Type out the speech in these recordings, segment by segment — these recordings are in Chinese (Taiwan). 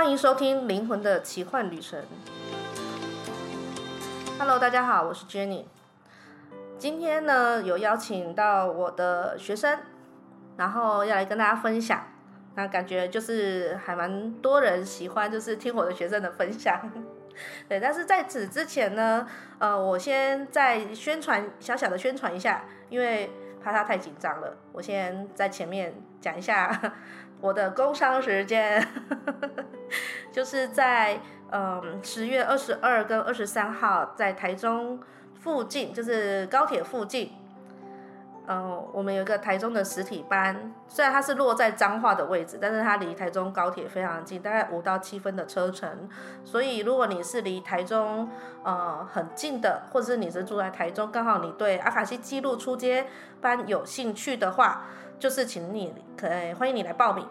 歡迎收聽《靈魂的奇幻旅程》。Hello，大家好，我是 Jannie。今天呢，有邀請到我的學生，然後要來跟大家分享。那感覺就是還蠻多人喜歡，就是聽我的學生的分享。對，但是在此之前呢，呃，我先再宣傳小小的宣傳一下，因為怕他太緊張了，我先在前面講一下我的工商時間。 就是在嗯十、呃、月二十二跟二十三號，在台中附近，就是高鐵附近。嗯、呃，我們有一個台中的實體班，雖然它是落在彰化的位置，但是它離台中高鐵非常近，大概五到七分的車程。所以如果你是離台中呃很近的，或者是你是住在台中，剛好你對阿卡西紀錄初階班有興趣的話，就是請你可以，歡迎你來報名。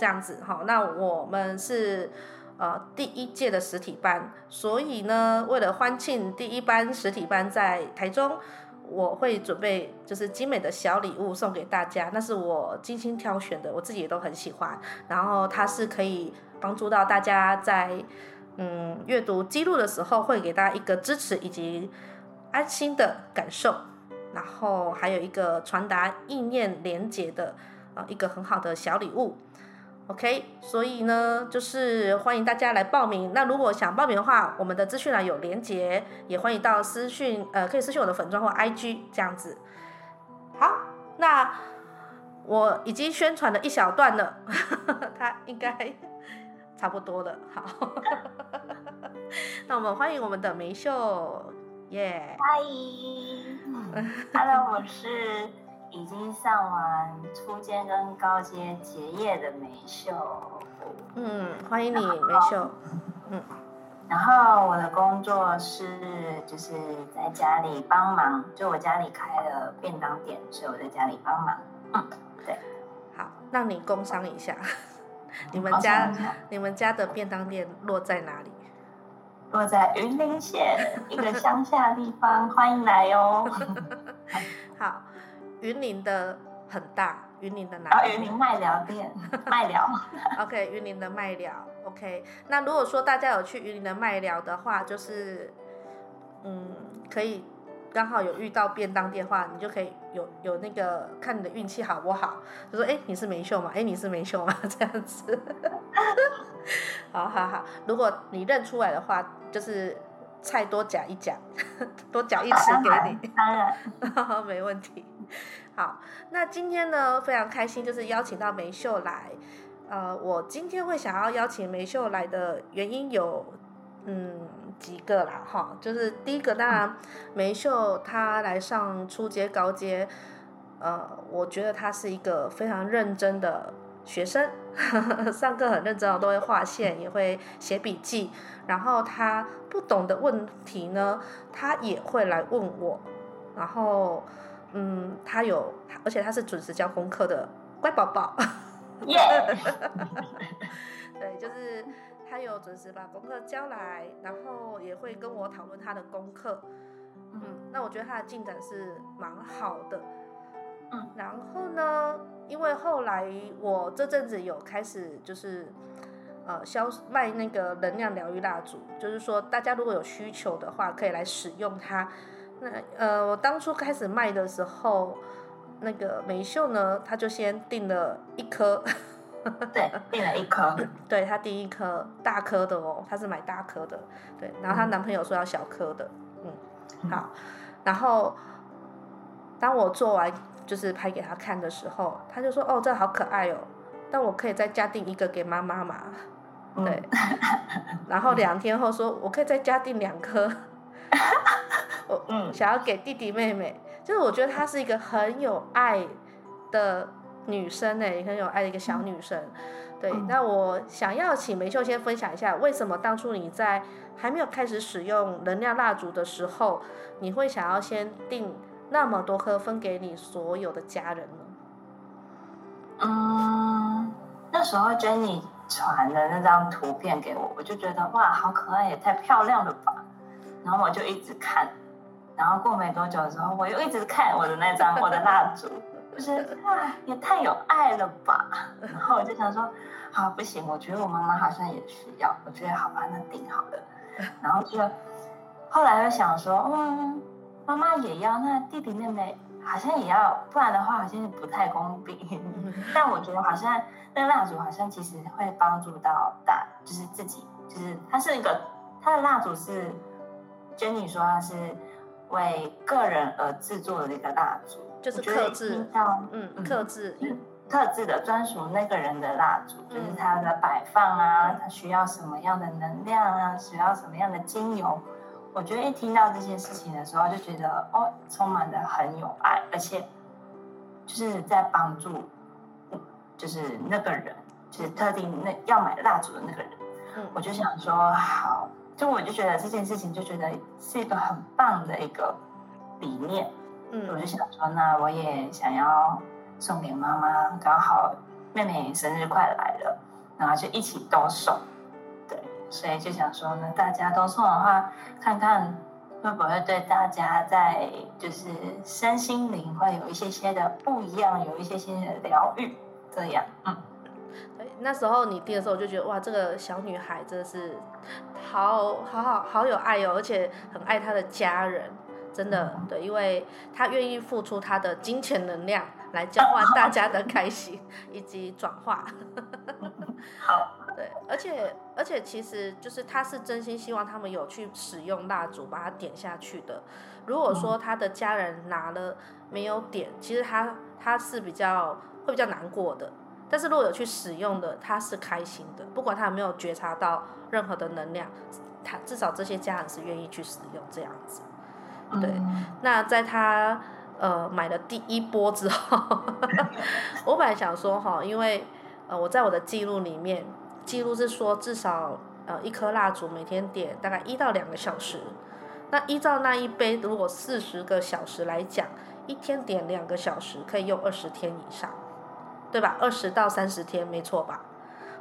這樣子哈，那我們是呃第一屆的實體班，所以呢，為了歡慶第一班實體班在台中，我會準備就是精美的小禮物送給大家，那是我精心挑選的，我自己也都很喜歡。然後它是可以幫助到大家在嗯閱讀記錄的時候，會給大家一個支持以及安心的感受，然後還有一個傳達意念連結的呃一個很好的小禮物。OK，所以呢，就是歡迎大家來報名。那如果想報名的話，我們的資訊欄有連結，也歡迎到私訊，呃，可以私訊我的粉專或 IG 這樣子。好，那我已經宣傳了一小段了，他應該差不多了。好， 那我們歡迎我們的玫琇，耶，歡迎，Hello，我是。已經上完初階跟高階結業的玫琇。嗯，歡迎你玫後琇。嗯。然後我的工作是就是在家裡幫忙，就我家裡開了便當店，所以我在家裡幫忙。嗯，對。好，讓你工商一下。 你們家你們家的便當店落在哪裡？落在雲林縣 一個鄉下地方， 歡迎來哦。 好。雲林的很大，雲林的哪裡？雲林、oh, 嗯、麥寮店， 麥寮聊。OK，雲林的麥寮。OK，那如果說大家有去雲林的麥寮的話，就是，嗯，可以剛好有遇到便當店的話，你就可以有有那個看你的運氣好不好？就說，哎、欸，你是玫琇嗎？哎、欸，你是玫琇嗎？這樣子。 好好好，如果你認出來的話，就是。菜多夾一夾，多夾一次給你，當、嗯、 沒問題。好，那今天呢，非常開心，就是邀請到玫琇來。呃，我今天會想要邀請玫琇來的原因有，嗯，幾個啦，哈，就是第一個，當然玫琇她來上初階、高階，呃，我覺得她是一個非常認真的。學生上課很認真，都會畫線，也會寫筆記。然後他不懂的問題呢，他也會來問我。然後，嗯，他有，而且他是準時交功課的乖寶寶。Yeah! 對，就是他有準時把功課交來，然後也會跟我討論他的功課。嗯，那我覺得他的進展是蠻好的。嗯，然後呢，因為後來我這陣子有開始就是，呃，銷賣那個能量療癒蠟燭，就是說大家如果有需求的話，可以來使用它。那呃，我當初開始賣的時候，那個玫琇呢，她就先訂了一顆，對，訂了一顆， 對，她訂一顆大顆的哦，她是買大顆的，對，然後她男朋友說要小顆的，嗯，嗯，好，然後當我做完。就是拍給他看的時候，他就說：“哦，這好可愛哦。”但我可以再加訂一個給媽媽嘛？對。嗯、然後兩天後說：“嗯、我可以再加訂兩顆。嗯”我想要給弟弟妹妹。就是我覺得她是一個很有愛的女生呢，很有愛的一個小女生。嗯、對。那我想要請玫琇先分享一下，為什麼當初你在還沒有開始使用能量蠟燭的時候，你會想要先訂？那麼多顆分給你所有的家人了。嗯，那時候 Jannie 傳的那張圖片給我，我就覺得哇，好可愛，也太漂亮了吧。然後我就一直看，然後過沒多久的時候，我又一直看我的那張我的蠟燭， 就是哇、啊，也太有愛了吧。然後我就想說，好、啊、不行，我覺得我媽媽好像也需要，我覺得好吧，那訂好了。然後就後來又想說，嗯。媽媽也要，那弟弟妹妹好像也要，不然的話好像不太公平。 但我覺得好像那個蠟燭好像其實會幫助到大，就是自己，就是它是一個它的蠟燭是珍妮說它是為個人而製作的一個蠟燭，就是特制，嗯嗯，特製、嗯，特製的專屬那個人的蠟燭，就是它的擺放啊，它、嗯、需要什麼樣的能量啊，需要什麼樣的精油。我覺得一聽到這件事情的時候，就覺得哦，充滿的很有愛，而且就是在幫助，就是那個人，就是特定那要買蠟燭的那個人，嗯，我就想說好，就我就覺得這件事情就覺得是一個很棒的一個理念，嗯，我就想說，那我也想要送給媽媽，剛好妹妹生日快來了，然後就一起動手。所以就想說呢，大家都送的話，看看會不會對大家在就是身心靈會有一些些的不一樣，有一些些的療癒這樣。嗯，對。那時候你聽的時候我就覺得哇，這個小女孩真的是好好好好有愛喲、哦，而且很愛她的家人，真的對，因為她願意付出她的金錢能量。來交換大家的開心以及轉化。好， 對，而且而且其實就是他是真心希望他們有去使用蠟燭把它點下去的。如果說他的家人拿了沒有點，其實他他是比較會比較難過的。但是如果有去使用的，他是開心的，不管他有沒有覺察到任何的能量，他至少這些家人是願意去使用這樣子。對，那在他。呃，買了第一波之後，呵呵我本來想說哈，因為呃我在我的記錄裡面，記錄是說至少呃一顆蠟燭每天點大概一到兩個小時，那依照那一杯如果四十個小時來講，一天點兩個小時可以用二十天以上，對吧？二十到三十天沒錯吧？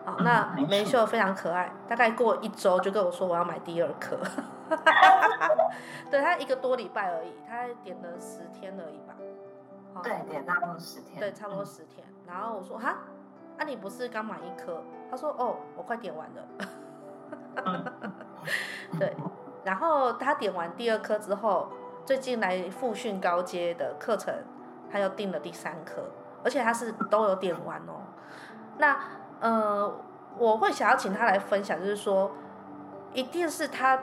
Oh, 嗯、那玫琇非常可愛。錯大概過一周就跟我說，我要買第二顆， 對，他一個多禮拜而已，他還點了十天而已吧。對，點差不多十天。對，差不多十天。十天。嗯、然後我說哈，啊、你不是剛買一顆？他說哦，我快點完了、 嗯。 對，然後他點完第二顆之後，最近來複訓高階的課程，他又訂了第三顆，而且他是都有點完哦。那。呃，我會想要請他來分享，就是說，一定是他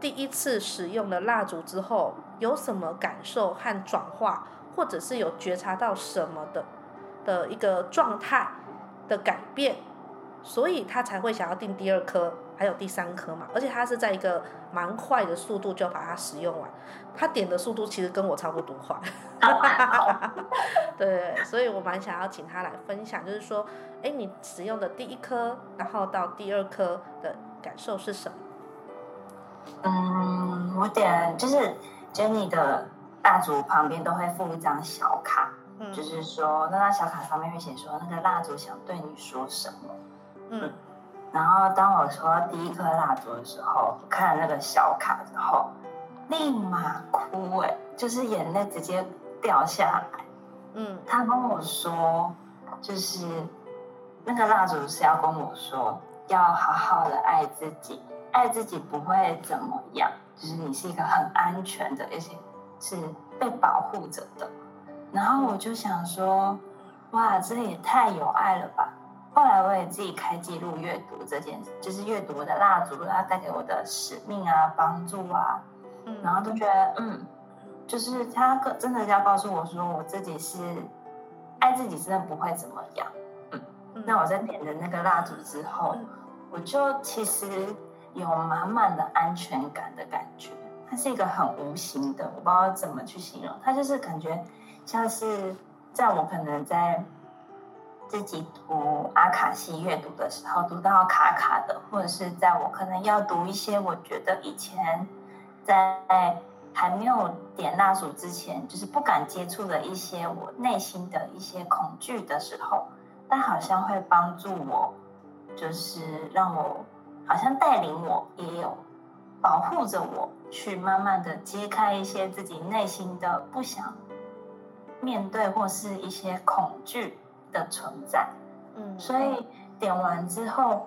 第一次使用了蠟燭之後有什麼感受和轉化，或者是有覺察到什麼的的一個狀態的改變，所以他才會想要訂第二顆。還有第三顆嘛，而且他是在一個蠻快的速度就把它使用完，他點的速度其實跟我差不多快。好啊、好 對，所以我蠻想要請他來分享，就是說，欸、你使用的第一顆，然後到第二顆的感受是什麼？嗯，我點就是 Jannie、就是、的蠟燭旁邊都會附一張小卡，嗯、就是說，那張小卡上面會寫說，那個蠟燭想對你說什麼？嗯。然後當我說第一顆蠟燭的時候，看了那個小卡之後，立馬哭誒，就是眼淚直接掉下來。嗯，他跟我說，就是那個蠟燭是要跟我說，要好好的愛自己，愛自己不會怎麼樣，就是你是一個很安全的，而且是被保護着的。然後我就想說，哇，這也太有愛了吧！後來我也自己開記錄閱讀這件事，就是閱讀我的蠟燭它帶給我的使命啊、幫助啊，然後都覺得嗯，就是他真的要告訴我說，我自己是愛自己，真的不會怎麼樣。嗯，那我在點了那個蠟燭之後，我就其實有滿滿的安全感的感覺。它是一個很無形的，我不知道怎麼去形容。它就是感覺像是在我可能在。自己讀阿卡西閱讀的時候，讀到卡卡的，或者是在我可能要讀一些我覺得以前在還沒有點蠟燭之前，就是不敢接觸的一些我內心的一些恐懼的時候，但好像會幫助我，就是讓我好像帶領我，也有保護着我，去慢慢的揭開一些自己內心的不想面對或是一些恐懼。的存在，嗯，所以點完之後，嗯、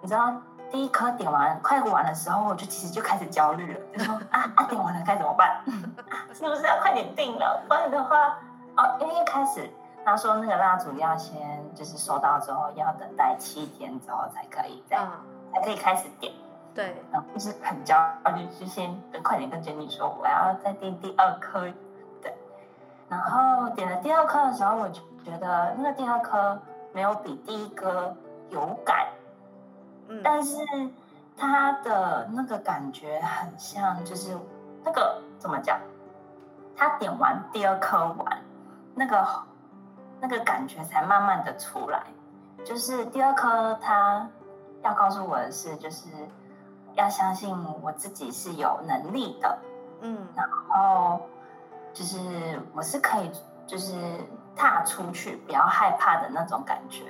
你知道第一顆點完快點完的時候，我就其實就開始焦慮了，就說啊啊點完了該怎麼辦？嗯啊，是不是要快點定了？不然的話，哦，因為一開始他說那個蠟燭要先就是收到之後要等待七天之後才可以再、嗯、才可以開始點，對，然後就是很焦慮，就先等快點跟 Jannie 說我要再訂第二顆，對，然後點了第二顆的時候我就。覺得那個第二顆沒有比第一顆有感，嗯，但是他的那個感覺很像，就是那個怎麼講？他點完第二顆完，那個那個感覺才慢慢的出來。就是第二顆，他要告訴我的是，就是要相信我自己是有能力的，嗯，然後就是我是可以，就是。嗯踏出去，不要害怕的那種感覺，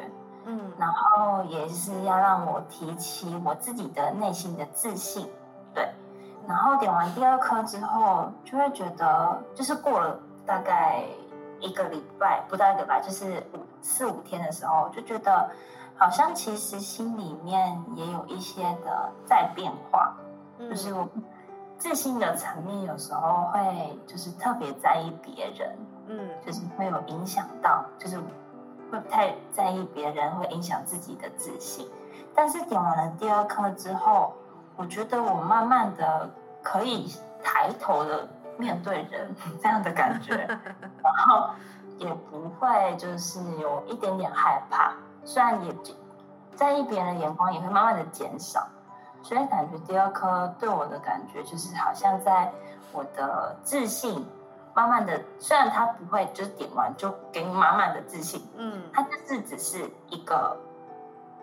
嗯，然後也是要讓我提起我自己的內心的自信，對，然後點完第二顆之後，就會覺得就是過了大概一個禮拜，不到一個禮拜就是五四五天的時候，就覺得好像其實心裡面也有一些的在變化，嗯、就是我自信的層面有時候會就是特別在意別人。嗯，就是會有影響到，就是會不太在意別人，會影響自己的自信。但是點完了第二顆之後，我覺得我慢慢的可以抬頭的面對人這樣的感覺， 然後也不會就是有一點點害怕。雖然也在意別人的眼光，也會慢慢的減少。所以感覺第二顆對我的感覺，就是好像在我的自信。慢慢的，雖然他不會就是點完就給你滿滿的自信，嗯，他就是只是一個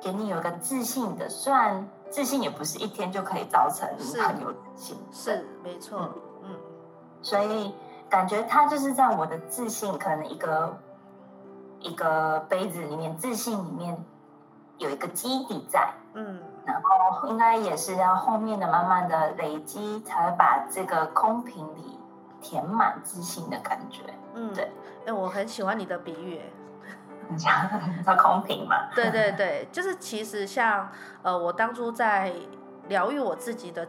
給你有個自信的，雖然自信也不是一天就可以造成很有自信，是沒錯，嗯，嗯，所以感覺他就是在我的自信可能一個、嗯、一個杯子裡面自信裡面有一個基底在，嗯，然後應該也是要後面的慢慢的累積，才會把這個空瓶裡。填滿自信的感覺，嗯，對，哎、欸，我很喜歡你的比喻，講那公平嘛，對對對，就是其實像呃，我當初在療癒我自己的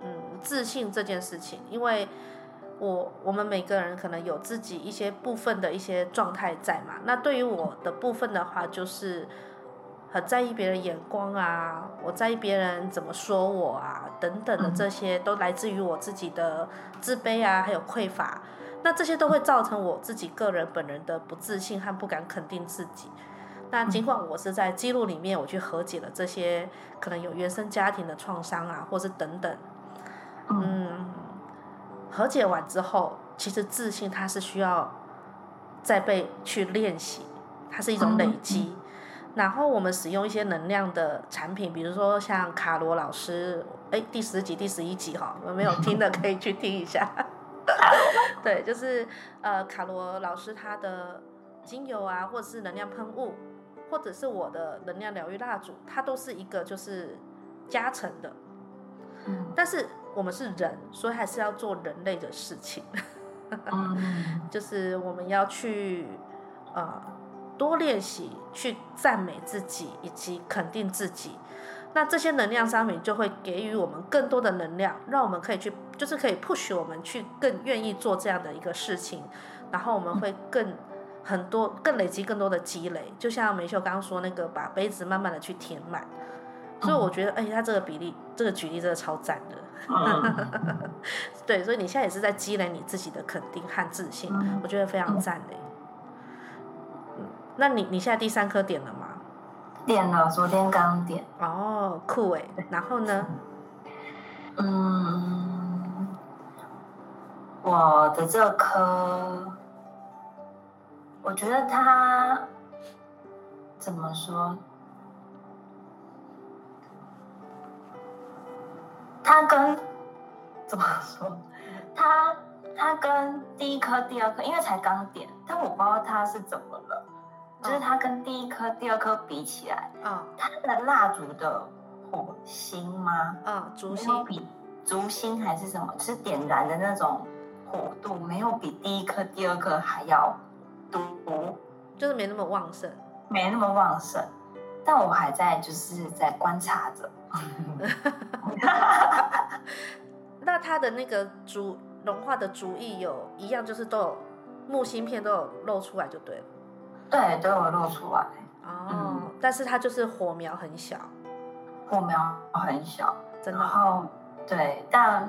嗯自信這件事情，因為我我們每個人可能有自己一些部分的一些狀態在嘛，那對於我的部分的話，就是很在意別人眼光啊，我在意別人怎麼說我啊。等等的這些、嗯、都來自於我自己的自卑啊，還有匱乏，那這些都會造成我自己個人本人的不自信和不敢肯定自己。那儘管我是在記錄裡面我去和解了這些可能有原生家庭的創傷啊，或是等等，嗯，嗯，和解完之後，其實自信它是需要再被去練習，它是一種累積。嗯嗯然後我們使用一些能量的產品，比如說像卡羅老師，哎，第十集、第十一集哈、哦，我沒有聽的可以去聽一下。 對，就是呃，卡羅老師他的精油啊，或者是能量噴霧，或者是我的能量療癒蠟燭，它都是一個就是加成的。嗯。但是我們是人，所以還是要做人類的事情。 就是我們要去啊。呃多練習去讚美自己以及肯定自己，那這些能量商品就會給予我們更多的能量，讓我們可以去，就是可以 push 我們去更願意做這樣的一個事情，然後我們會更很多，更累積更多的積累。就像玫琇剛剛說那個，把杯子慢慢的去填滿。所以我覺得，哎，他這個比例，這個舉例真的超讚的。 對，所以你現在也是在積累你自己的肯定和自信，我覺得非常讚的。那你你現在第三顆點了嗎？點了，昨天剛點。哦，酷欸。對然後呢？嗯，我的這顆，我覺得他怎麼說？他跟怎麼說？他他跟第一顆、第二顆，因為才剛點，但我不知道他是怎麼了。就是它跟第一顆、哦、第二顆比起來，啊、哦，它的蠟燭的火星嗎？啊、哦，燭芯比燭芯還是什麼？是點燃的那種火度沒有比第一顆、第二顆還要多，就是沒那麼旺盛，沒那麼旺盛。但我還在，就是在觀察着。 那它的那個燭融化的燭意有一樣，就是都有木芯片都有露出來就對了。對，都有露出來。哦，嗯，但是他就是火苗很小，火苗很小，真的。然後對，但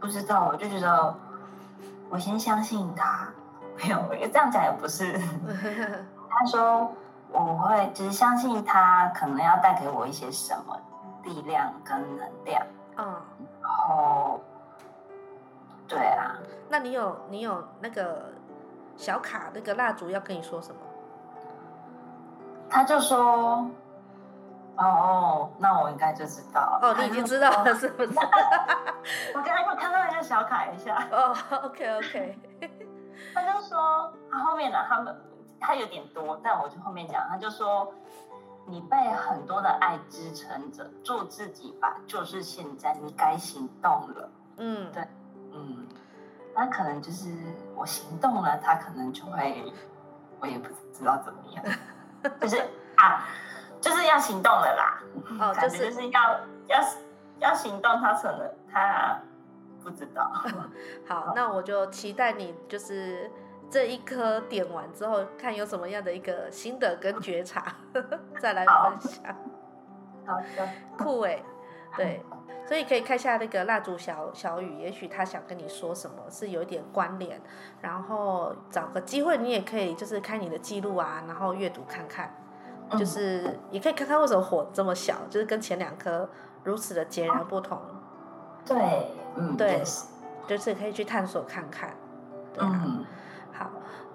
不知道，我就覺得我先相信他，沒有，因為這樣講也不是。 他說我會就是相信他，可能要帶給我一些什麼力量跟能量。嗯，然後對啊，那你有你有那個小卡，那個蠟燭要跟你說什麼？他就說：“哦，哦，那我應該就知道了哦，他你已經知道了是不是？ 我剛剛又看到人家小卡一下。哦，oh，OK OK。他就說，他後面呢，他們他有點多，但我就後面講。他就說，你被很多的愛支撐着，做自己吧，就是現在，你該行動了。嗯，對，嗯，那可能就是我行動了，他可能就會，我也不知道怎麼樣。” 不、就是、啊、就是要行動了啦，哦，就是,就是要要要行動，他可能他不知道。 好，哦、那我就期待你，就是這一顆點完之後，看有什麼樣的一個心得跟覺察， 再來分享。好的，酷耶。對，所以可以看一下那個蠟燭小，小小雨，也許他想跟你說什麼是有一點關聯，然後找個機會，你也可以就是開你的記錄啊，然後閱讀看看，就是也可以看看為什麼火這麼小，就是跟前兩顆如此的截然不同。對、啊，對，對嗯、就是可以去探索看看。對啊、嗯。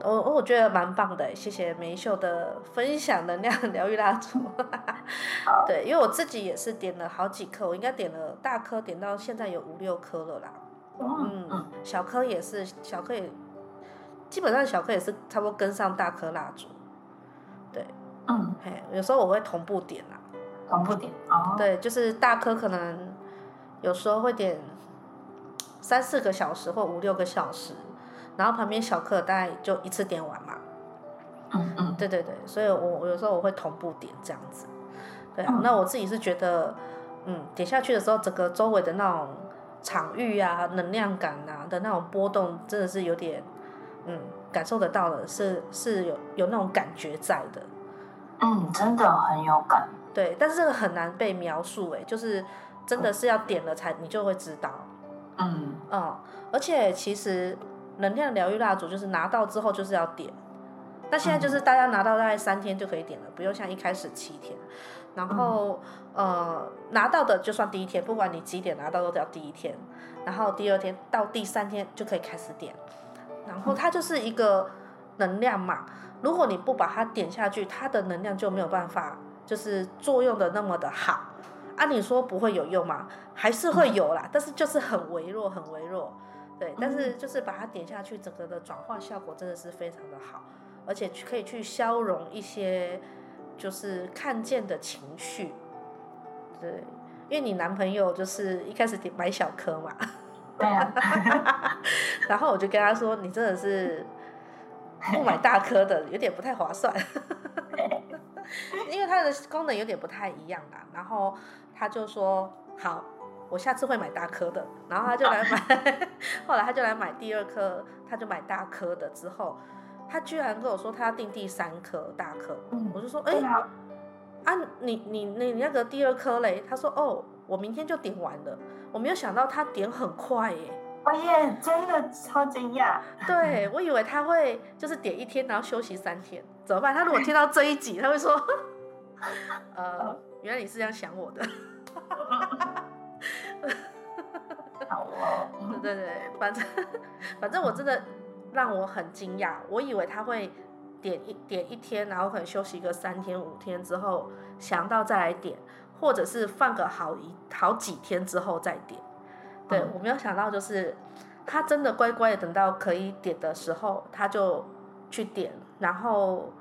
我我覺得蠻棒的，謝謝玫琇的分享，能量療癒蠟燭，嗯、 對，因為我自己也是點了好幾顆，我應該點了大顆，點到現在有五六顆了啦，嗯，嗯小顆也是，小顆也基本上小顆也是差不多跟上大顆蠟燭，對，嗯，嘿，有時候我會同步點啦，同步點，哦、對，就是大顆可能有時候會點三四個小時或五六個小時。然後旁邊小顆大概就一次點完嘛，嗯嗯，嗯對對對，所以我我有時候我會同步點這樣子，對、啊，嗯、那我自己是覺得，嗯，點下去的時候，整個周圍的那種場域啊、能量感啊的那種波動，真的是有點，嗯，感受得到的是是有有那種感覺在的，嗯，真的很有感，對，但是這個很難被描述、欸，哎，就是真的是要點了才你就會知道，嗯嗯，而且其實。能量療癒蠟燭就是拿到之後就是要點，那現在就是大家拿到大概三天就可以點了，不用像一開始七天。然後呃拿到的就算第一天，不管你幾點拿到都要第一天。然後第二天到第三天就可以開始點，然後它就是一個能量嘛。如果你不把它點下去，它的能量就沒有辦法就是作用的那麼的好。按理說不會有用嘛，還是會有啦，但是就是很微弱，很微弱。對，但是就是把它點下去，嗯、整個的轉化效果真的是非常的好，而且可以去消融一些，就是看見的情緒。對，因為你男朋友就是一開始點買小顆嘛，對啊， 然後我就跟他說，你真的是不買大顆的，有點不太划算， 因為它的功能有點不太一樣啦。然後他就說好。我下次會買大顆的，然後他就來買，啊、後來他就來買第二顆，他就買大顆的之後，他居然跟我說他要訂第三顆大顆，嗯、我就說了哎，啊、你你你，你那個第二顆嘞？他說哦，我明天就點完了，我沒有想到他點很快耶，哎呀，真的超驚訝。對，我以為他會就是點一天，然後休息三天，怎麼辦？他如果聽到這一集， 他會說，呃，哦、原來你是這樣想我的。哦好哦！ 對對對，反正反正我真的讓我很驚訝。我以為他會點一點一天，然後可能休息個三天五天之後想到再來點，或者是放個好一好幾天之後再點。對，我沒有想到就是他真的乖乖的等到可以點的時候，他就去點，然後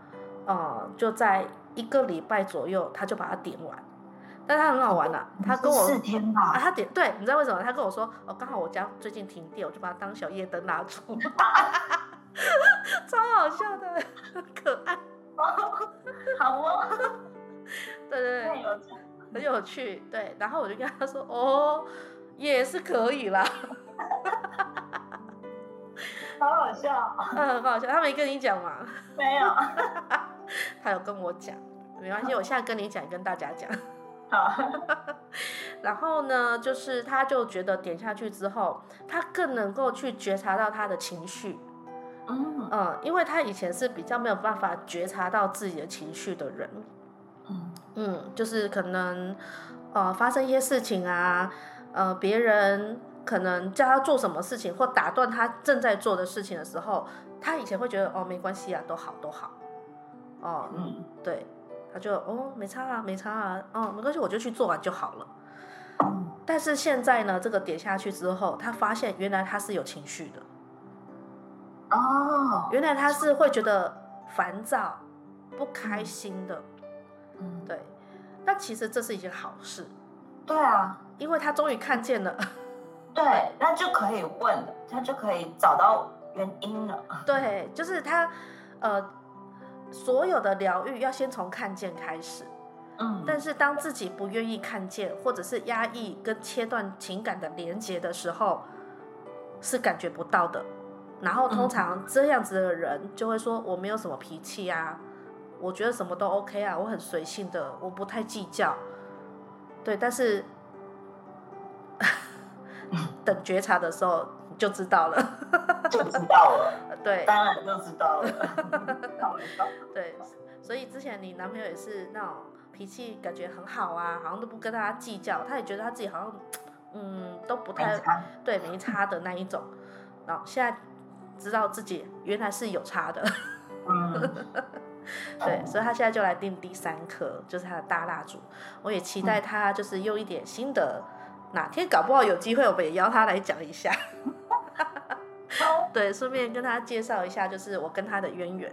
呃就在一個禮拜左右他就把它點完。但他很好玩的、啊，他跟我，啊、他點對，你知道為什麼？他跟我說，哦，剛好我家最近停電，我就把它當小夜燈拿出， 超好笑的，很可愛、哦，好哦， 對，對對對，有很有趣，對，然後我就跟他說，哦，也是可以啦，好 好笑，嗯、呃，好笑，他沒跟你講嗎？沒有，他有跟我講，沒關係，我現在跟你講，跟大家講。好， 然後呢，就是他就覺得點下去之後，他更能夠去覺察到他的情緒。嗯，嗯，因為他以前是比較沒有辦法覺察到自己的情緒的人。嗯，嗯，就是可能，呃，發生一些事情啊，呃，別人可能叫他做什麼事情，或打斷他正在做的事情的時候，他以前會覺得哦，沒關係啊，都好都好。哦，嗯，嗯，對。他就哦，沒差啊，沒差啊，哦、嗯，沒關係，我就去做完就好了。嗯，但是現在呢，這個點下去之後，他發現原來他是有情緒的。哦，原來他是會覺得煩躁、不開心的。嗯，對。那其實這是一件好事。對啊，因為他終於看見了。對，那就可以問了，他就可以找到原因了。對，就是他，呃。所有的療癒要先從看見開始，嗯，但是當自己不願意看見，或者是壓抑跟切斷情感的連接的時候，是感覺不到的。然後通常這樣子的人就會說：“我沒有什麼脾氣啊，我覺得什麼都 OK 啊，我很隨性的，我不太計較。”對，但是 等覺察的時候。就知道了， 就知道了，對，當然就知道了。對，所以之前你男朋友也是那種脾氣感覺很好啊，好像都不跟他計較，他也覺得他自己好像嗯都不太沒差對沒差的那一種，然後現在知道自己原來是有差的，嗯、 對，嗯、所以他現在就來訂第三顆，就是他的大蠟燭。我也期待他就是用一點心得，嗯、哪天搞不好有機會，我們也邀他來講一下。對，順便跟他介紹一下，就是我跟他的淵源。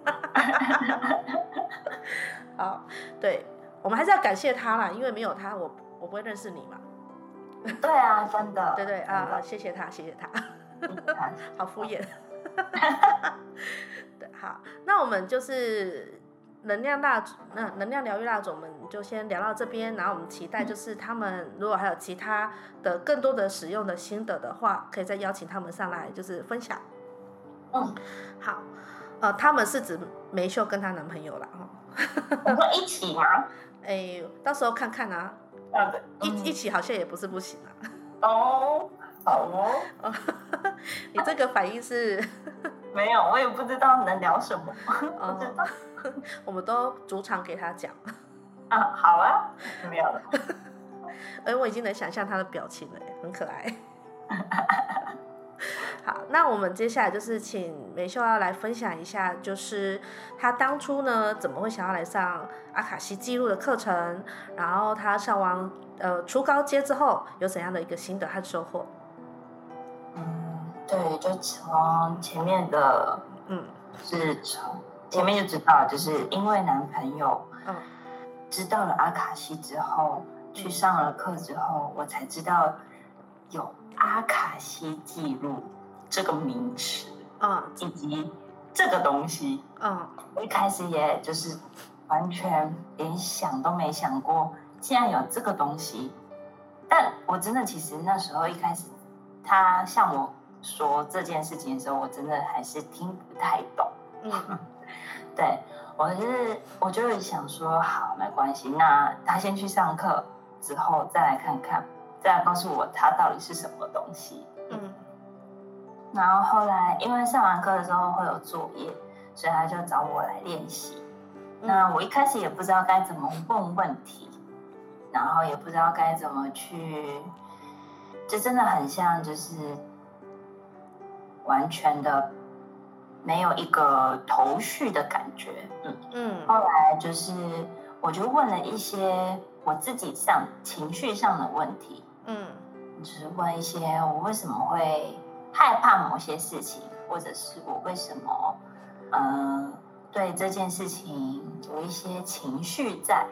好，對，我們還是要感謝他啦，因為沒有他，我我不會認識你嘛。 對啊，真的，對對，對吧，啊，謝謝他，謝謝他， 好敷衍。 對，好，那我們就是。能量蠟那能量療癒蠟燭，我們就先聊到這邊。然後我們期待就是他們如果還有其他的更多的使用的心得的話，可以再邀請他們上來就是分享。嗯，好，呃，他們是指玫琇跟她男朋友啦？哦，會 一起嗎？哎，到時候看看啊。嗯，一一起好像也不是不行啊，哦。好哦， 你這個反應是、啊？沒有，我也不知道能聊什麼，不 知道。 我們都主場給他講。 啊，好啊，沒有了。哎、 欸，我已經能想象他的表情了，很可愛。 好，那我們接下來就是請玫琇要來分享一下，就是他當初呢怎麼會想要來上阿卡西記錄的課程，然後他上完呃初高階之後有怎樣的一個心得和收穫。嗯，對，就從前面的，嗯，是從前面就知道，就是因為男朋友，嗯，知道了阿卡西之後，嗯，去上了課之後，我才知道有阿卡西記錄這個名詞，嗯，以及這個東西，嗯，一開始也就是完全連想都沒想過，竟然有這個東西，但我真的其實那時候一開始。他向我說這件事情的時候，我真的還是聽不太懂。嗯、 對，我就是我就會想說，好，沒關係，那他先去上課，之後再來看看，再來告訴我他到底是什麼東西。嗯。然後後來，因為上完課的時候會有作業，所以他就找我來練習。嗯、那我一開始也不知道該怎麼問問題，然後也不知道該怎麼去。這真的很像，就是完全的沒有一個頭緒的感覺。嗯嗯。後來就是我就問了一些我自己上情緒上的問題。嗯，就是問一些我為什麼會害怕某些事情，或者是我為什麼嗯、呃、對這件事情有一些情緒在，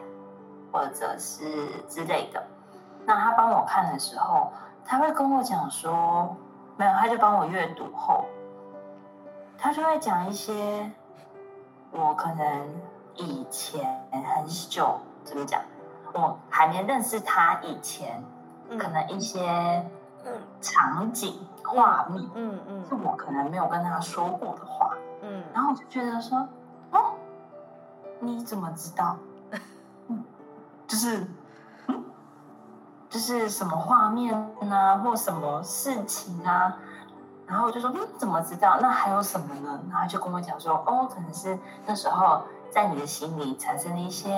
或者是之類的。那他幫我看的時候。他會跟我講說，沒有，他就幫我閱讀後，他就會講一些我可能以前很久怎麼講，我還沒認識他以前，嗯、可能一些場景、嗯、畫面，嗯嗯，嗯嗯是我可能沒有跟他說過的話，嗯，然後我就覺得說，哦，你怎麼知道？嗯，就是。就是什麼畫面啊，或什麼事情啊？然後我就說，嗯，怎麼知道？那還有什麼呢？然後就跟我講說，哦，可能是那時候在你的心裡產生了一些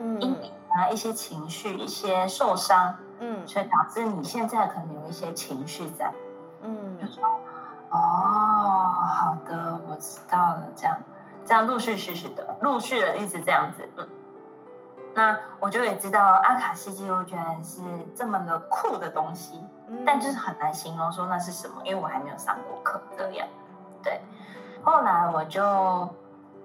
陰影啊，嗯、一些情緒，一些受傷，嗯，所以導致你現在可能有一些情緒在，嗯，就說，哦，好的，我知道了，這樣，這樣陸續、續續的，陸續的一直這樣子，嗯。那我就也知道阿卡西紀錄居然是這麼的酷的東西，嗯、但就是很難形容說那是什麼，因為我還沒有上過課。對呀，對。後來我就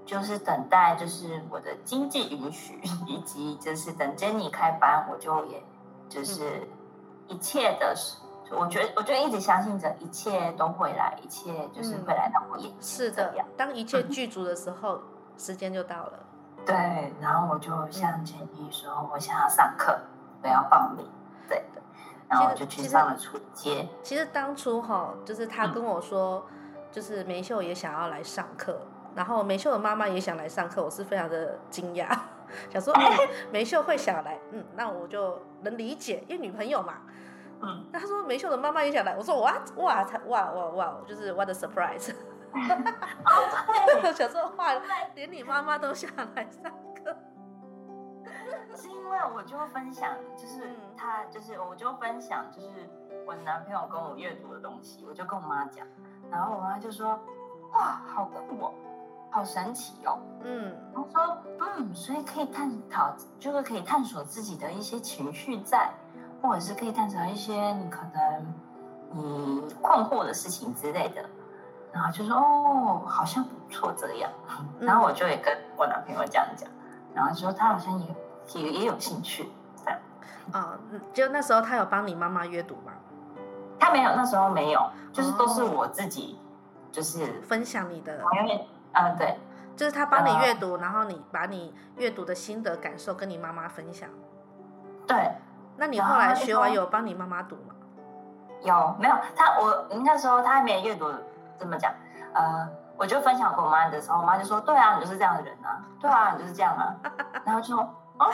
就是等待，就是我的經濟允許，嗯、以及就是等 Jannie 開班，我就也就是一切的。嗯、我覺得，我就一直相信着，一切都會來，一切就是會來到我面前。是的，當一切具足的時候，嗯、時間就到了。對，然後我就向 Jannie 說，我想要上課，我、嗯、要報名，對，然後就去上了初階。其實當初哈，就是他跟我說，嗯、就是梅秀也想要來上課，然後梅秀的媽媽也想來上課，我是非常的驚訝，想說、哎哎、梅秀會想來，嗯，那我就能理解，因為女朋友嘛，嗯。那他說梅秀的媽媽也想來，我說哇哇哇哇哇，就是 what, what? what? what? what? what? what? what? what a surprise。哈哈，小時候壞了，連你媽媽都想來上課。是因為我就分享，就是他，就是我就分享，就是我男朋友跟我閱讀的東西，我就跟我媽講，然後我媽就說：“哇，好酷哦，好神奇哦。”嗯，然後說：“嗯，所以可以探討，就是可以探索自己的一些情緒在，或者是可以探索一些你可能你困、嗯、惑的事情之類的。”然後就說哦，好像不錯這樣。然後我就也跟我男朋友講一講，嗯、然後就說他好像也也也有興趣。啊、哦，就那時候他有幫你媽媽閱讀嗎？他沒有，那時候沒有，就是都是我自己，哦、就是分享你的啊，對，就是他幫你閱讀，呃、然後你把你閱讀的心得感受跟你媽媽分享。對，那你後來學完有幫你媽媽讀嗎？有，沒有他，我你那時候他還沒閱讀。這麼講，呃，我就分享給我媽的時候，我媽就說：“對啊，你就是這樣的人啊，對啊，你就是這樣啊。” 然後就說：“哦，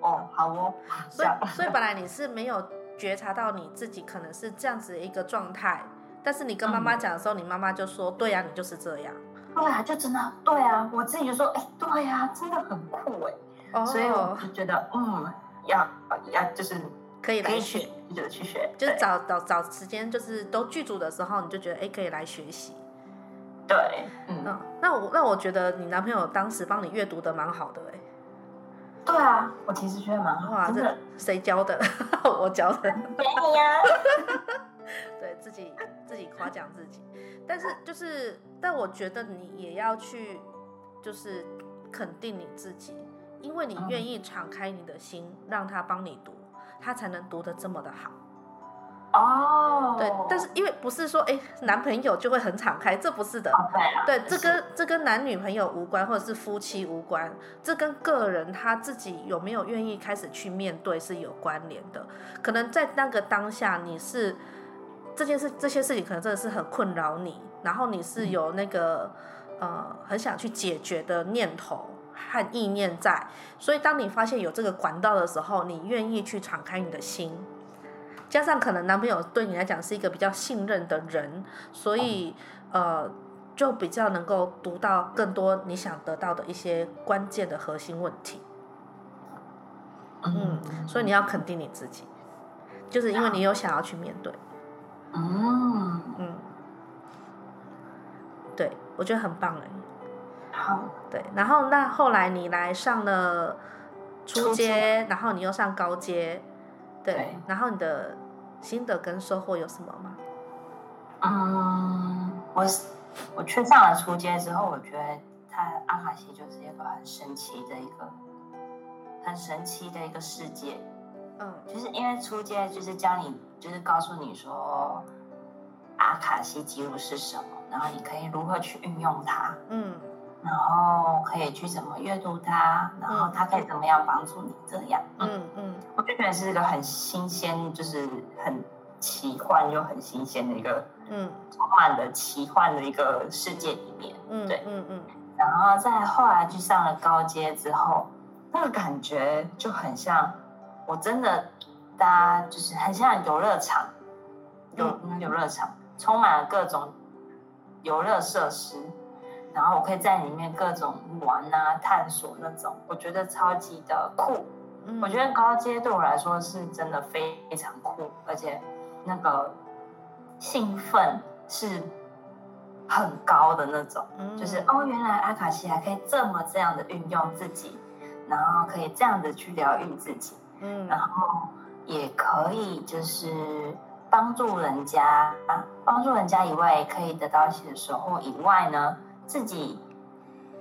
哦，好哦。”所以，所以本來你是沒有覺察到你自己可能是這樣子的一個狀態，但是你跟媽媽講的時候，嗯、你媽媽就說：“對啊，你就是這樣。”對啊，就真的對啊。我自己就說：“哎，對啊，真的很酷哎、欸。哦”所以我就覺得，嗯，要要就是。可以來學，你就去，去學，就是找找找時間，就是都劇組的時候，你就覺得哎、欸，可以來學習。對，嗯，嗯，那我那我覺得你男朋友當時幫你閱讀的蠻好的、欸、對啊，我其實學蠻好啊，哇的這誰教的？ 我教的。給你呀。 對自己自己誇獎自己，但是就是，但我覺得你也要去，就是肯定你自己，因為你願意敞開你的心，嗯、讓他幫你讀。他才能讀得這麼的好，哦，oh. 對，但是因為不是說，哎，男朋友就會很敞開，這不是的，oh, yeah. 對，這跟這跟男女朋友無關，或者是夫妻無關，這跟個人他自己有沒有願意開始去面對是有關聯的。可能在那個當下，你是這件事這些事情可能真的是很困擾你，然後你是有那個，mm. 呃，很想去解決的念頭。和意念在，所以當你發現有這個管道的時候，你願意去敞開你的心，加上可能男朋友對你來講是一個比較信任的人，所以、Oh. 呃，就比較能夠讀到更多你想得到的一些關鍵的核心問題。嗯，所以你要肯定你自己，就是因為你有想要去面對。嗯，對我覺得很棒哎、欸。好，對，然後那後來你來上了初階，初然後你又上高階，對，對然後你的心得跟收穫有什麼嗎？嗯，我我去上了初階之後，我覺得他阿卡西就是一個很神奇的一個很神奇的一個世界。嗯，就是因為初階就是教你，就是告訴你說阿卡西記錄是什麼，然後你可以如何去運用它。嗯。然後可以去怎麼閱讀它，然後它可以怎麼樣幫助你這樣。嗯嗯，嗯，我覺得是一個很新鮮，就是很奇幻又很新鮮的一個，嗯，充滿了奇幻的一個世界裡面。嗯，對，嗯嗯。嗯，然後再後來去上了高階之後，那個感覺就很像，我真的搭就是很像遊樂場，遊遊、嗯嗯、樂場充滿了各種遊樂設施。然後我可以在裡面各種玩啊，探索那種，我覺得超級的酷。嗯、我覺得高階對我來說是真的非常酷，而且那個興奮是很高的那種。嗯、就是哦，原來阿卡西還可以這麼這樣的運用自己，然後可以這樣的去療癒自己，嗯、然後也可以就是幫助人家，幫、啊、助人家以外，可以得到一些收穫以外呢。自己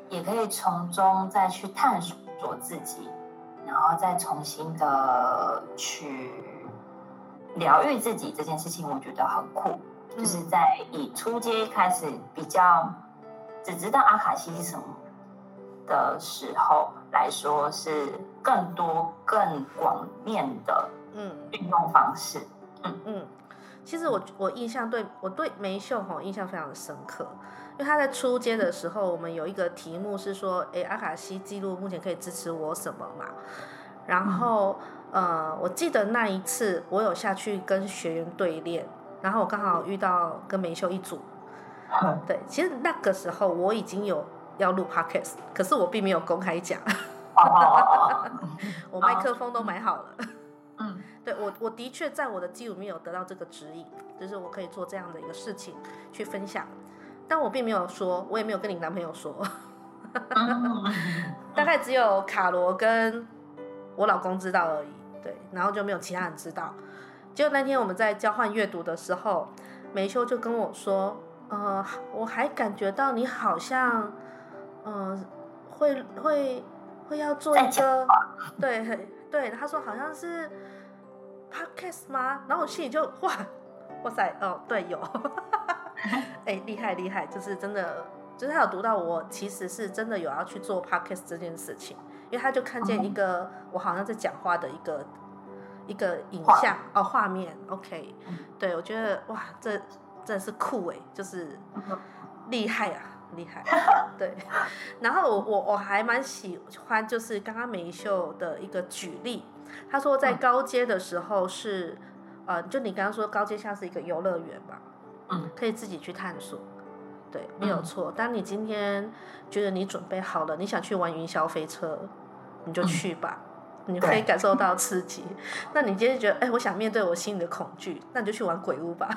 也可以從中再去探索自己，然後再重新的去療癒自己這件事情，我覺得很酷。就是在以初階開始比較只知道阿卡西是什麼的時候來說，是更多更廣面的運用方式。嗯嗯，其實我我印象對我對玫琇印象非常的深刻。因為他在初階的時候，我們有一個題目是說：“哎，阿卡西記錄目前可以支持我什麼嘛？”然後，嗯、呃，我記得那一次我有下去跟學員對練，然後我剛好遇到跟梅秀一組。嗯、對，其實那個時候我已經有要錄 podcast，可是我並沒有公開講。 我麥克風都買好了。嗯、對我，我的確在我的記錄裡面有得到這個指引，就是我可以做這樣的一個事情去分享。但我並沒有說，我也沒有跟你男朋友說， 大概只有卡羅跟我老公知道而已。對，然後就沒有其他人知道。結果那天我們在交換閱讀的時候，玫琇就跟我說：“呃，我還感覺到你好像，嗯、呃，會會會要做一個對對。對”對他說：“好像是 podcast 嗎？”然後我心裡就哇，哇塞，哦，對，有。哎，厲、欸、害厲害，就是真的，就是他有讀到我其實是真的有要去做 Podcast 這件事情，因為他就看見一個我好像在講話的一個一個影像畫哦畫面，OK，、嗯、對我覺得哇，這真的是酷誒，就是厲、嗯、害啊，厲害，對。然後我我我還蠻喜歡就是剛剛玫琇的一個舉例，他說在高階的時候是呃，就你剛剛說高階像是一個遊樂園吧。嗯、可以自己去探索，對，嗯、沒有錯。當你今天覺得你準備好了，你想去玩雲霄飛車，你就去吧，嗯、你可以感受到刺激。對那你今天覺得，哎、欸，我想面對我心裡的恐懼，那你就去玩鬼屋吧。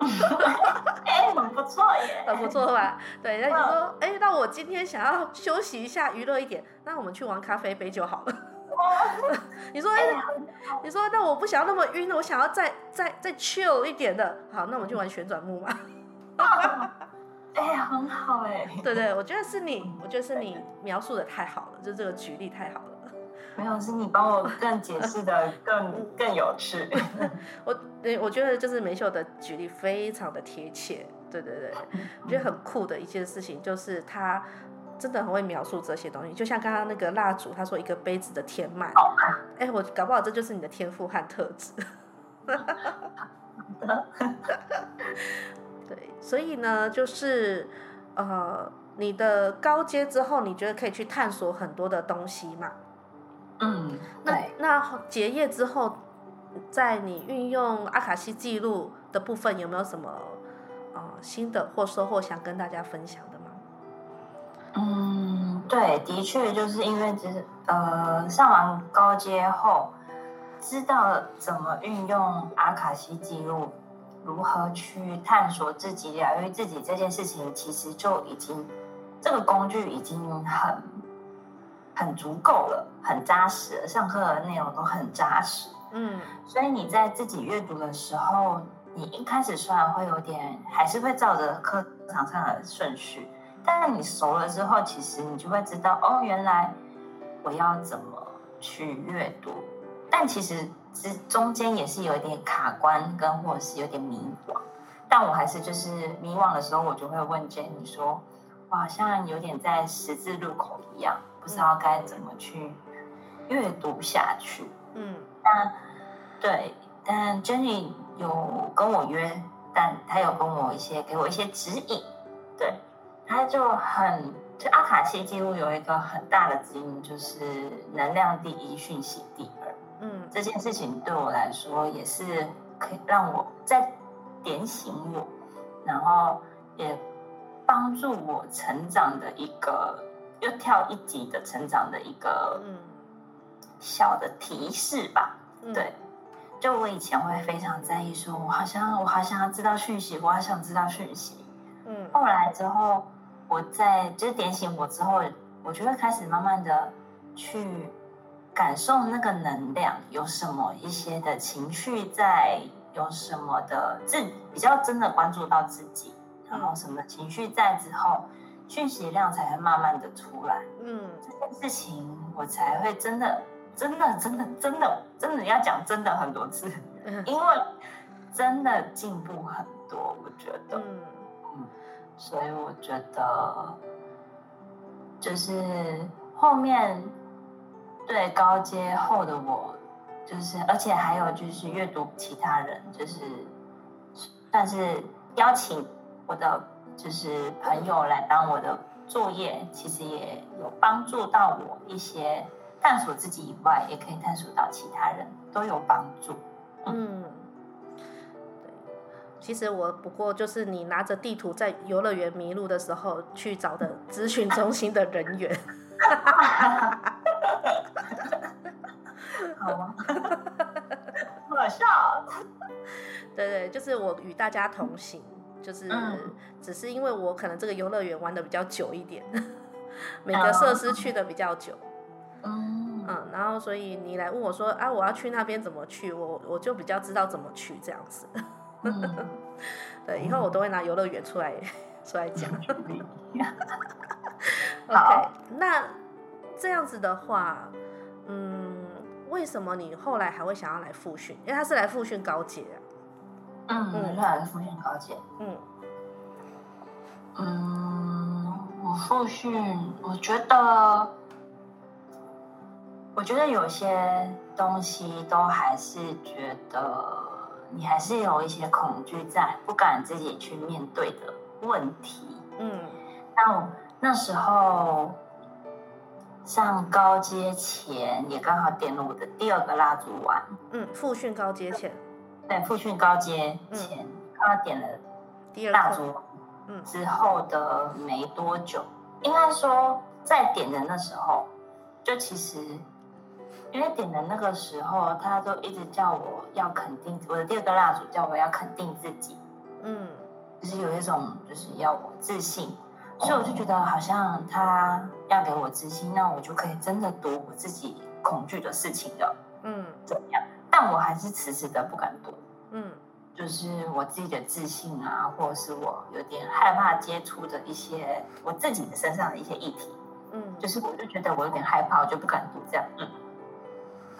哎， 很不錯耶！ 很不錯吧。對，那你說，哎、欸，那我今天想要休息一下，娛樂一點，那我們去玩咖啡杯就好了。 你說，欸、你說，那我不想要那麼暈了，我想要再再再 chill 一點的。好，那我們就玩旋轉木馬。哎、 欸，很好哎。 對對，我覺得是你，我覺得是你描述的太好了，就這個舉例太好了。沒有，是你幫我更解釋的更 更有趣。 我，我覺得就是玫琇的舉例非常的貼切。對對對，對，嗯、我覺得很酷的一件事情就是他。真的很會描述這些東西，就像剛剛那個蠟燭，他說一個杯子的填滿，哎吧、欸，我搞不好這就是你的天賦和特質。 對，所以呢，就是呃，你的高階之後，你覺得可以去探索很多的東西嘛？嗯，對，那那結業之後，在你運用阿卡西記錄的部分，有沒有什麼、呃、新的或收穫想跟大家分享？嗯，對，的確，就是因為其實，呃，上完高階後，知道怎麼運用阿卡西記錄，如何去探索自己了、療癒自己這件事情，其實就已經這個工具已經很很足夠了，很扎實了。上課的內容都很扎實，嗯，所以你在自己閱讀的時候，你一開始雖然會有點，還是會照着課堂上的順序。但你熟了之後，其實你就會知道，哦，原來我要怎麼去閱讀。但其實中間也是有一點卡關，跟或者是有點迷惘。但我還是就是迷惘的時候，我就會問潔妮說：“哇，像有點在十字路口一樣，不知道該怎麼去閱讀下去。”嗯，但對，但潔妮有跟我約，但她有跟我一些給我一些指引。他就很就阿卡西記錄有一個很大的指引，就是能量第一，訊息第二。嗯，這件事情對我來說也是可以讓我再點醒我，然後也幫助我成長的一個又跳一級的成長的一個小的提示吧。嗯、對，就我以前會非常在意說，說我好像我好想要知道訊息，我好想知道訊息。嗯，後來之後。我在就是點醒我之後，我就會開始慢慢的去感受那個能量，有什麼一些的情緒在，有什麼的就比較真的關注到自己，然後什麼情緒在之後，訊息量才會慢慢的出來。嗯，這件事情我才會真的真的真的真的真的要講真的很多次，嗯、因為真的進步很多，我覺得。嗯所以我覺得，就是後面對高階後的我，就是而且還有就是閱讀其他人，就是算是邀請我的就是朋友來當我的作業，其實也有幫助到我一些探索自己以外，也可以探索到其他人，都有幫助。嗯。嗯其實我不過就是你拿着地圖在遊樂園迷路的時候去找的諮詢中心的人員，好嗎？可笑。對、 哦、對，就是我與大家同行，就是、嗯、只是因為我可能這個遊樂園玩得比較久一點，每個設施去得比較久。嗯、嗯，然後所以你來問我說啊，我要去那邊怎麼去？我我就比較知道怎麼去這樣子。嗯、 對，以後我都會拿遊樂園出來、嗯、出來講。 ok，好那這樣子的話，嗯，為什麼你後來還會想要來複訓？因為他是來複訓高階。嗯嗯，他來複訓高階。嗯嗯，我複訓，我覺得，我覺得有些東西都還是覺得。你還是有一些恐懼在，不敢自己去面對的問題。嗯，那我那時候上高階前，也剛好點了我的第二個蠟燭丸。嗯，複訓高階前、啊。對，複訓高階前，剛剛、嗯、點了第二蠟燭，嗯，之後的沒多久，嗯、應該說在點的那時候，就其實。因為點的那個時候，他就一直叫我要肯定我的第二個蠟燭，叫我要肯定自己，嗯，就是有一種就是要我自信，嗯，所以我就覺得好像他要給我自信，那我就可以真的讀我自己恐懼的事情了，嗯，怎麼樣？但我還是遲遲的不敢讀，嗯，就是我自己的自信啊，或者是我有點害怕接觸的一些我自己的身上的一些議題，嗯，就是我就覺得我有點害怕，我就不敢讀這樣，嗯。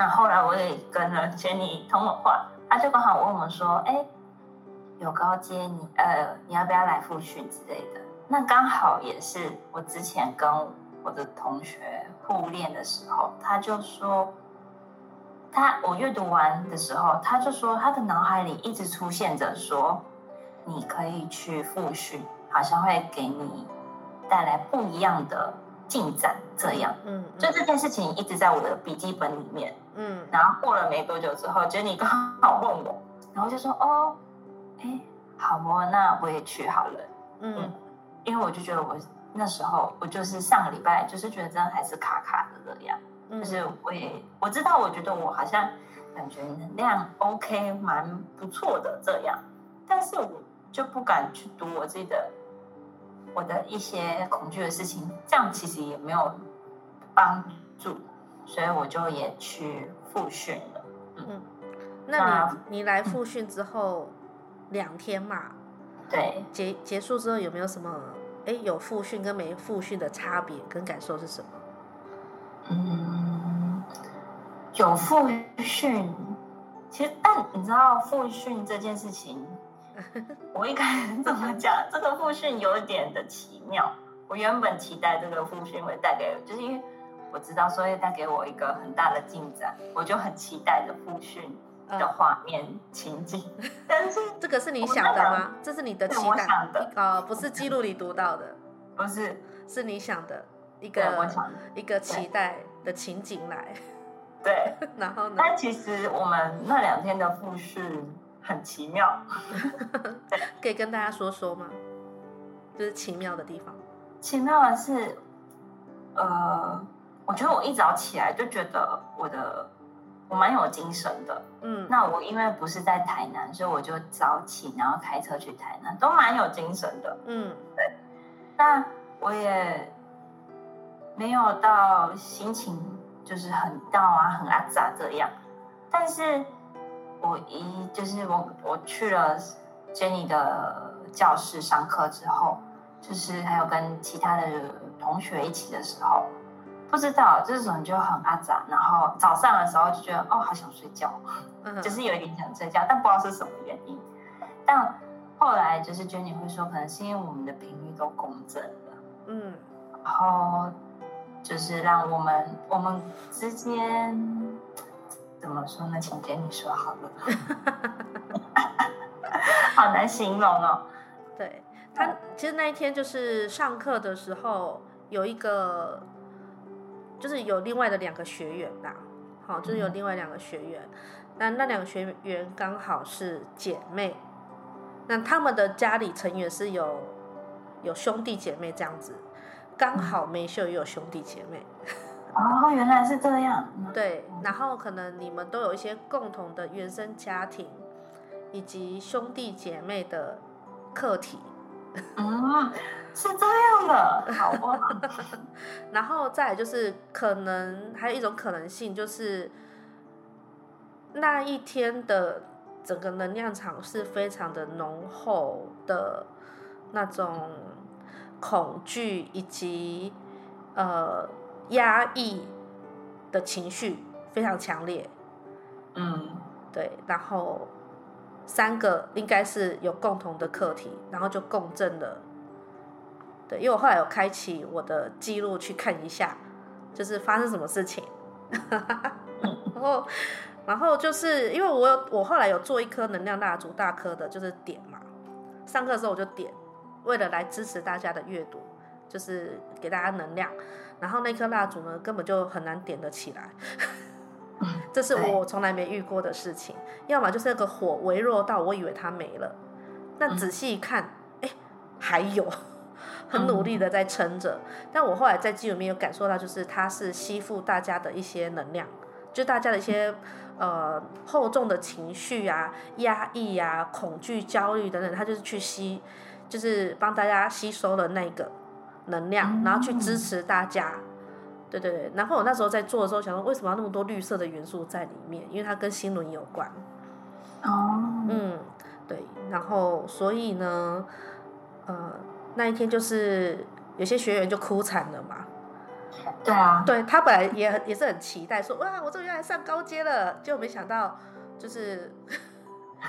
那後來我也跟了 Jannie 通了話，他就剛好問我們說：“哎，有高階，你，呃，你要不要來複訓之類的？”那剛好也是我之前跟我的同學互練的時候，他就說，他我閱讀完的時候，他就說他的腦海裡一直出現着說，你可以去複訓，好像會給你帶來不一樣的。進展這樣，嗯，嗯嗯，就這件事情一直在我的筆記本裡面，嗯，然後過了沒多久之後，潔妮剛好問我，然後就說哦，哎、欸，好哦，那我也去好了，嗯，嗯，因為我就覺得我那時候我就是上個禮拜就是覺得這樣還是卡卡的這樣，就、嗯、是我也我知道我覺得我好像感覺能量 OK 蠻不錯的這樣，但是我就不敢去讀我自己的。我的一些恐懼的事情，這樣其實也沒有幫助，所以我就也去複訓了。嗯，那你那你來複訓之後兩天嘛，嗯，對，結結束之後有沒有什麼，誒，有複訓跟沒複訓的差別跟感受是什麼？嗯，有複訓，其實，但你知道複訓這件事情。 我應該怎麼講，這個複訓有點的奇妙。我原本期待這個複訓會帶給我，就是因為我知道所以帶給我一個很大的進展，我就很期待的複訓的畫面情景。呃、但是這個是你想的嗎？是的，這是你的期待，啊、哦，不是記錄裡讀到的， 不是，是你想的一個一個期待的情景來。對， 然後呢？那其實我們那兩天的複訓。很奇妙， 可以跟大家說說嗎？就是奇妙的地方。奇妙的是，呃，我覺得我一早起來就覺得我的我蠻有精神的。嗯，那我因為不是在台南，所以我就早起，然後開車去台南，都蠻有精神的。嗯，對。那我也沒有到心情就是很躁啊，很阿雜這樣，但是。我一就是我我去了 Jenny 的教室上課之後，就是還有跟其他的同學一起的時候，不知道這種就很阿雜，然後早上的時候就覺得哦好想睡覺，就是有一點想睡覺，但不知道是什麼原因。但後來就是 Jenny 會說，可能是因為我們的頻率都共振了，嗯，然後就是讓我們我們之間。怎麼說呢？潔妮你說好了， 好難形容哦。對他，其實那一天就是上課的時候，有一個，就是有另外的兩個學員吧。好，就是有另外兩個學員，嗯、那那兩個學員剛好是姐妹，那他們的家裡成員是有有兄弟姐妹這樣子，剛好玫琇也有兄弟姐妹。哦，原來是這樣。對，嗯、然後可能你們都有一些共同的原生家庭以及兄弟姐妹的課題。嗯，是這樣的。好 然後再就是，可能還有一種可能性，就是那一天的整個能量場是非常的濃厚的那種恐懼以及呃。壓抑的情緒非常強烈，嗯，對，然後三個應該是有共同的課題，然後就共振了，對，因為我後來有開啟我的記錄去看一下，就是發生什麼事情， 嗯、 然後，然後就是因為我有我後來有做一顆能量蠟燭，大顆的，就是點嘛，上課的時候我就點，為了來支持大家的閱讀，就是給大家能量。然後那顆蠟燭呢，根本就很難點得起來， 這是我從來沒遇過的事情。嗯、要麼就是那個火微弱到我以為它沒了，但仔細一看，哎、嗯，還有，很努力的在撐着。嗯、但我後來在記裡面有感受到，就是它是吸附大家的一些能量，就大家的一些呃厚重的情緒啊、壓抑啊、恐懼、焦慮等等，它就是去吸，就是幫大家吸收了那個。能量，然後去支持大家。嗯、對對對，然後我那時候在做的時候，想說為什麼要那麼多綠色的元素在裡面？因為它跟心輪有關。哦，嗯，對。然後所以呢，呃，那一天就是有些學員就哭慘了嘛。嗯、對啊。對他本來也很也是很期待說，說哇，我終於要來上高階了，結果沒想到就是，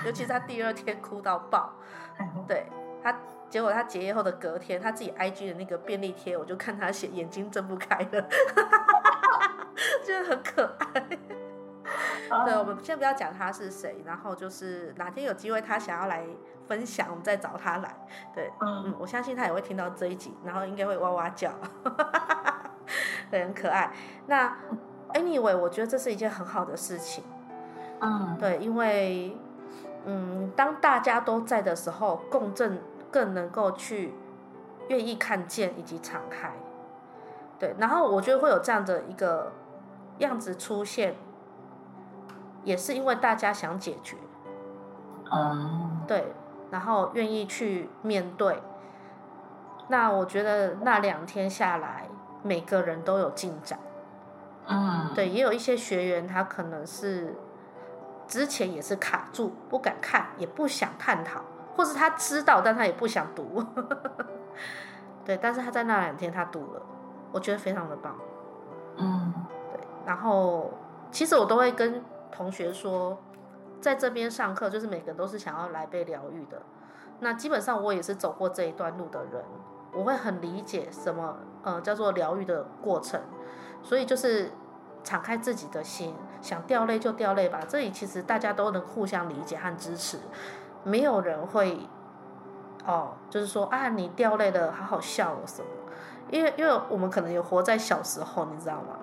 尤其是他第二天哭到爆。嗯、對。他，結果他結業後的隔天，他自己 IG 的那個便利貼，我就看他寫眼睛睜不開了，哈 哈就是很可愛。對，我們先不要講他是誰，然後就是哪天有機會他想要來分享，我們再找他來。對，嗯，我相信他也會聽到這一集，然後應該會哇哇叫， 對，很可愛。那 anyway，我覺得這是一件很好的事情。對，因為嗯，當大家都在的時候共振。更能夠去願意看見以及敞開，對，然後我覺得會有這樣的一個樣子出現，也是因為大家想解決，嗯，對，然後願意去面對。那我覺得那兩天下來，每個人都有進展，嗯，對，也有一些學員他可能是之前也是卡住，不敢看，也不想探討。或是他知道，但他也不想讀。 對，但是他在那兩天他讀了，我覺得非常的棒。嗯，對。然後其實我都會跟同學說，在這邊上課就是每個人都是想要來被療癒的。那基本上我也是走過這一段路的人，我會很理解什麼呃叫做療癒的過程。所以就是敞開自己的心，想掉淚就掉淚吧。這裡其實大家都能互相理解和支持。沒有人會，哦，就是說啊，你掉淚了，好好笑哦，什麼？因為因為我們可能有活在小時候，你知道嗎？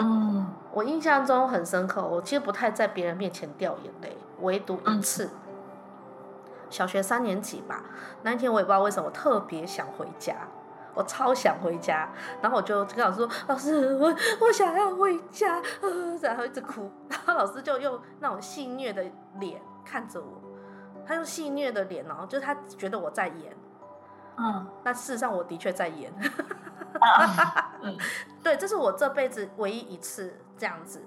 嗯，我印象中很深刻，我其實不太在別人面前掉眼淚，唯獨一次，嗯、小學三年級吧，那一天我也不知道為什麼，我特別想回家，我超想回家，然後我就跟老師說：“老師，我我想要回家。啊”然後一直哭，然後老師就用那種戲謔的臉看着我。他用戲謔的臉哦，就是他覺得我在演。嗯，那事實上我的確在演，哈哈哈，對，這是我這輩子唯一一次這樣子。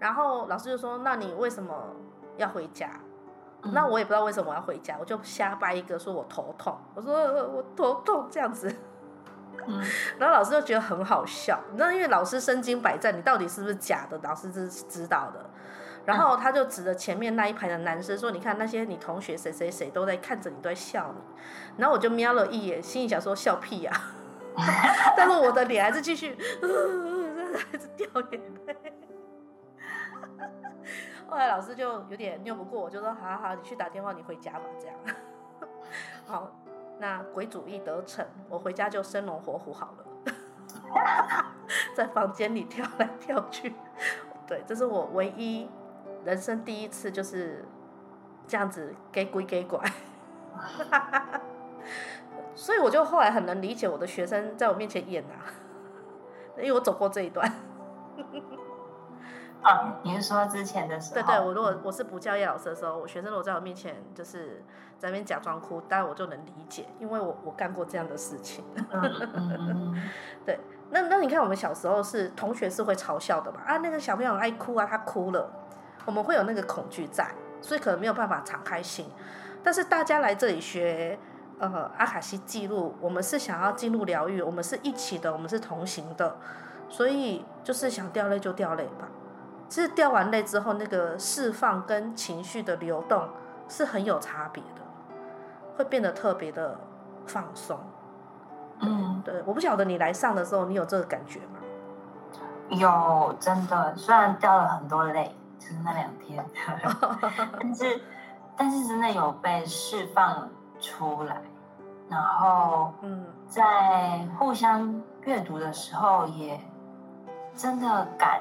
然後老師就說：“那你為什麼要回家？”嗯、那我也不知道為什麼我要回家，我就瞎掰一個，說我頭痛，我說我頭痛這樣子。嗯、然後老師就覺得很好笑，那因為老師身經百戰，你到底是不是假的？老師是知道的。然後他就指着前面那一排的男生說：“你看那些你同學誰誰誰都在看着你，都在笑你。”然後我就瞄了一眼，心裡想說：“笑屁呀、啊！”但是我的臉還是繼續呃呃，還是掉眼淚。後來老師就有點拗不過我，就說：“好好，你去打電話，你回家吧。”這樣，好，那鬼主意得逞，我回家就生龍活虎好了，在房間裡跳來跳去。對，這是我唯一。人生第一次就是這樣子，假鬼假怪。 所以我就後來很能理解我的學生在我面前演吶、啊，因為我走過這一段。您、啊、你說之前的時候？對，對對，我如果我是不教業老師的時候，我學生如果在我面前就是在那邊假裝哭，但我就能理解，因為我我幹過這樣的事情。 對。那那你看，我們小時候是同學是會嘲笑的嘛？啊，那個小朋友愛哭啊，他哭了。我們會有那個恐懼在，所以可能沒有辦法敞開心。但是大家來這裡學，呃，阿卡西記錄，我們是想要進入療癒，我們是一起的，我們是同行的，所以就是想掉淚就掉淚吧。其實掉完淚之後，那個釋放跟情緒的流動是很有差別的，會變得特別的放鬆。嗯，對，我不曉得你來上的時候，你有這個感覺嗎？有，真的，雖然掉了很多淚。是那兩天，但是，但是真的有被釋放出來，然後嗯，在互相閱讀的時候，也真的敢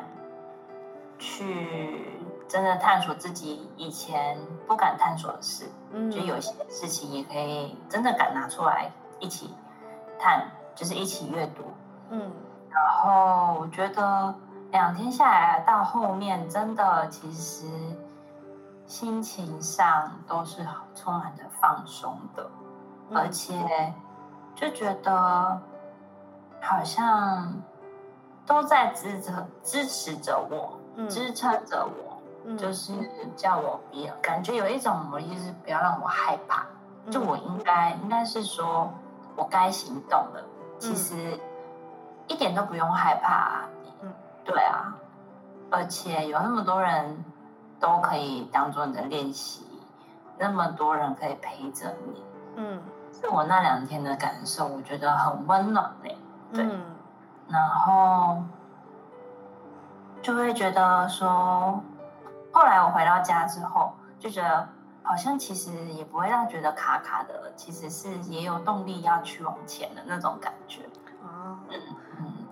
去真的探索自己以前不敢探索的事，嗯，就有些事情也可以真的敢拿出來一起探，就是一起閱讀，嗯，然後我覺得。兩天下來，到後面真的其實心情上都是充滿着放鬆的，嗯、而且就覺得好像都在支持支持着我，嗯、支撐着我，嗯、就是叫我不要感覺有一種魔力是不要讓我害怕，嗯、就我應該應該是說我該行動了，嗯、其實一點都不用害怕，啊。對啊，而且有那麼多人都可以當做你的練習，那麼多人可以陪着你，嗯，是我那兩天的感受，我覺得很溫暖嘞。對，嗯，然後就會覺得說，後來我回到家之後，就覺得好像其實也不會讓覺得卡卡的，其實是也有動力要去往前的那種感覺。哦，嗯。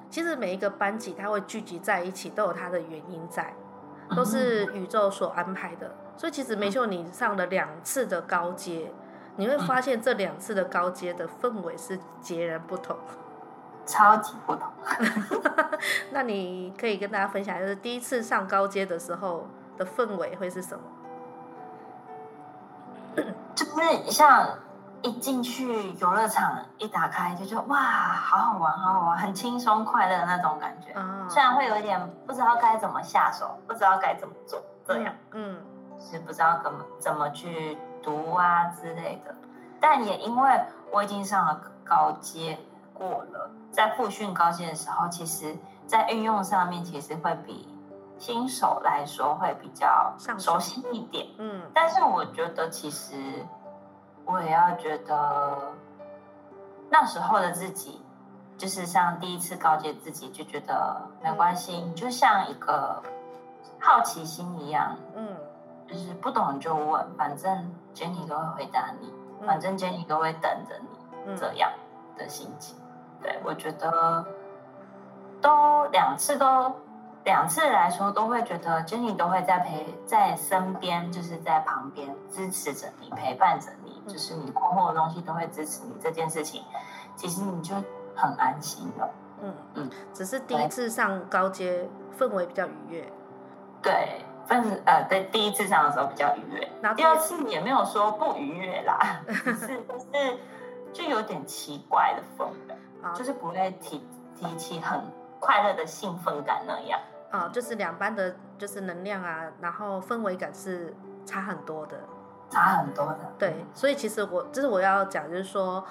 其實每一個班級，他會聚集在一起，都有他的原因在，都是宇宙所安排的。嗯、哼所以其實玫琇，你上了兩次的高階，嗯、哼你會發現這兩次的高階的氛圍是截然不同，超級不同。 那你可以跟大家分享，就是第一次上高階的時候的氛圍會是什麼？ 就是像。一進去遊樂場，一打開就覺得哇，好好玩，好好玩，很輕鬆快樂的那種感覺。嗯，雖然會有一點不知道該怎麼下手，不知道該怎麼做這樣，樣嗯，嗯是不知道怎麼怎麼去讀啊之類的。但也因為我已經上了高階過了，在複訓高階的時候，其實在運用上面其實會比新手來說會比較熟悉一點。嗯，但是我覺得其實。我也要覺得那時候的自己，就是像第一次告誡自己，就覺得沒關係，你、嗯、就像一個好奇心一樣，嗯，就是不懂就問，反正 Jannie 都會回答你，嗯、反正 Jannie 都會等着你，嗯、這樣的心情，對我覺得都兩次都兩次來說都會覺得 Jannie 都會在陪在身邊，就是在旁邊支持着你，陪伴着你。就是你過後的東西都會支持你這件事情，其實你就很安心了。嗯嗯，嗯，只是第一次上高階對氛圍比較愉悅。對，氛、呃，在第一次上的時候比較愉悅，然後第二次也沒有說不愉悅啦， 是、是就有點奇怪的氛圍， 就是不會提、提起很快樂的興奮感那樣。啊、嗯、哦，就是兩班的，就是能量啊，然後氛圍感是差很多的。差很多的。對，所以其實我，這、就是我要講，就是說，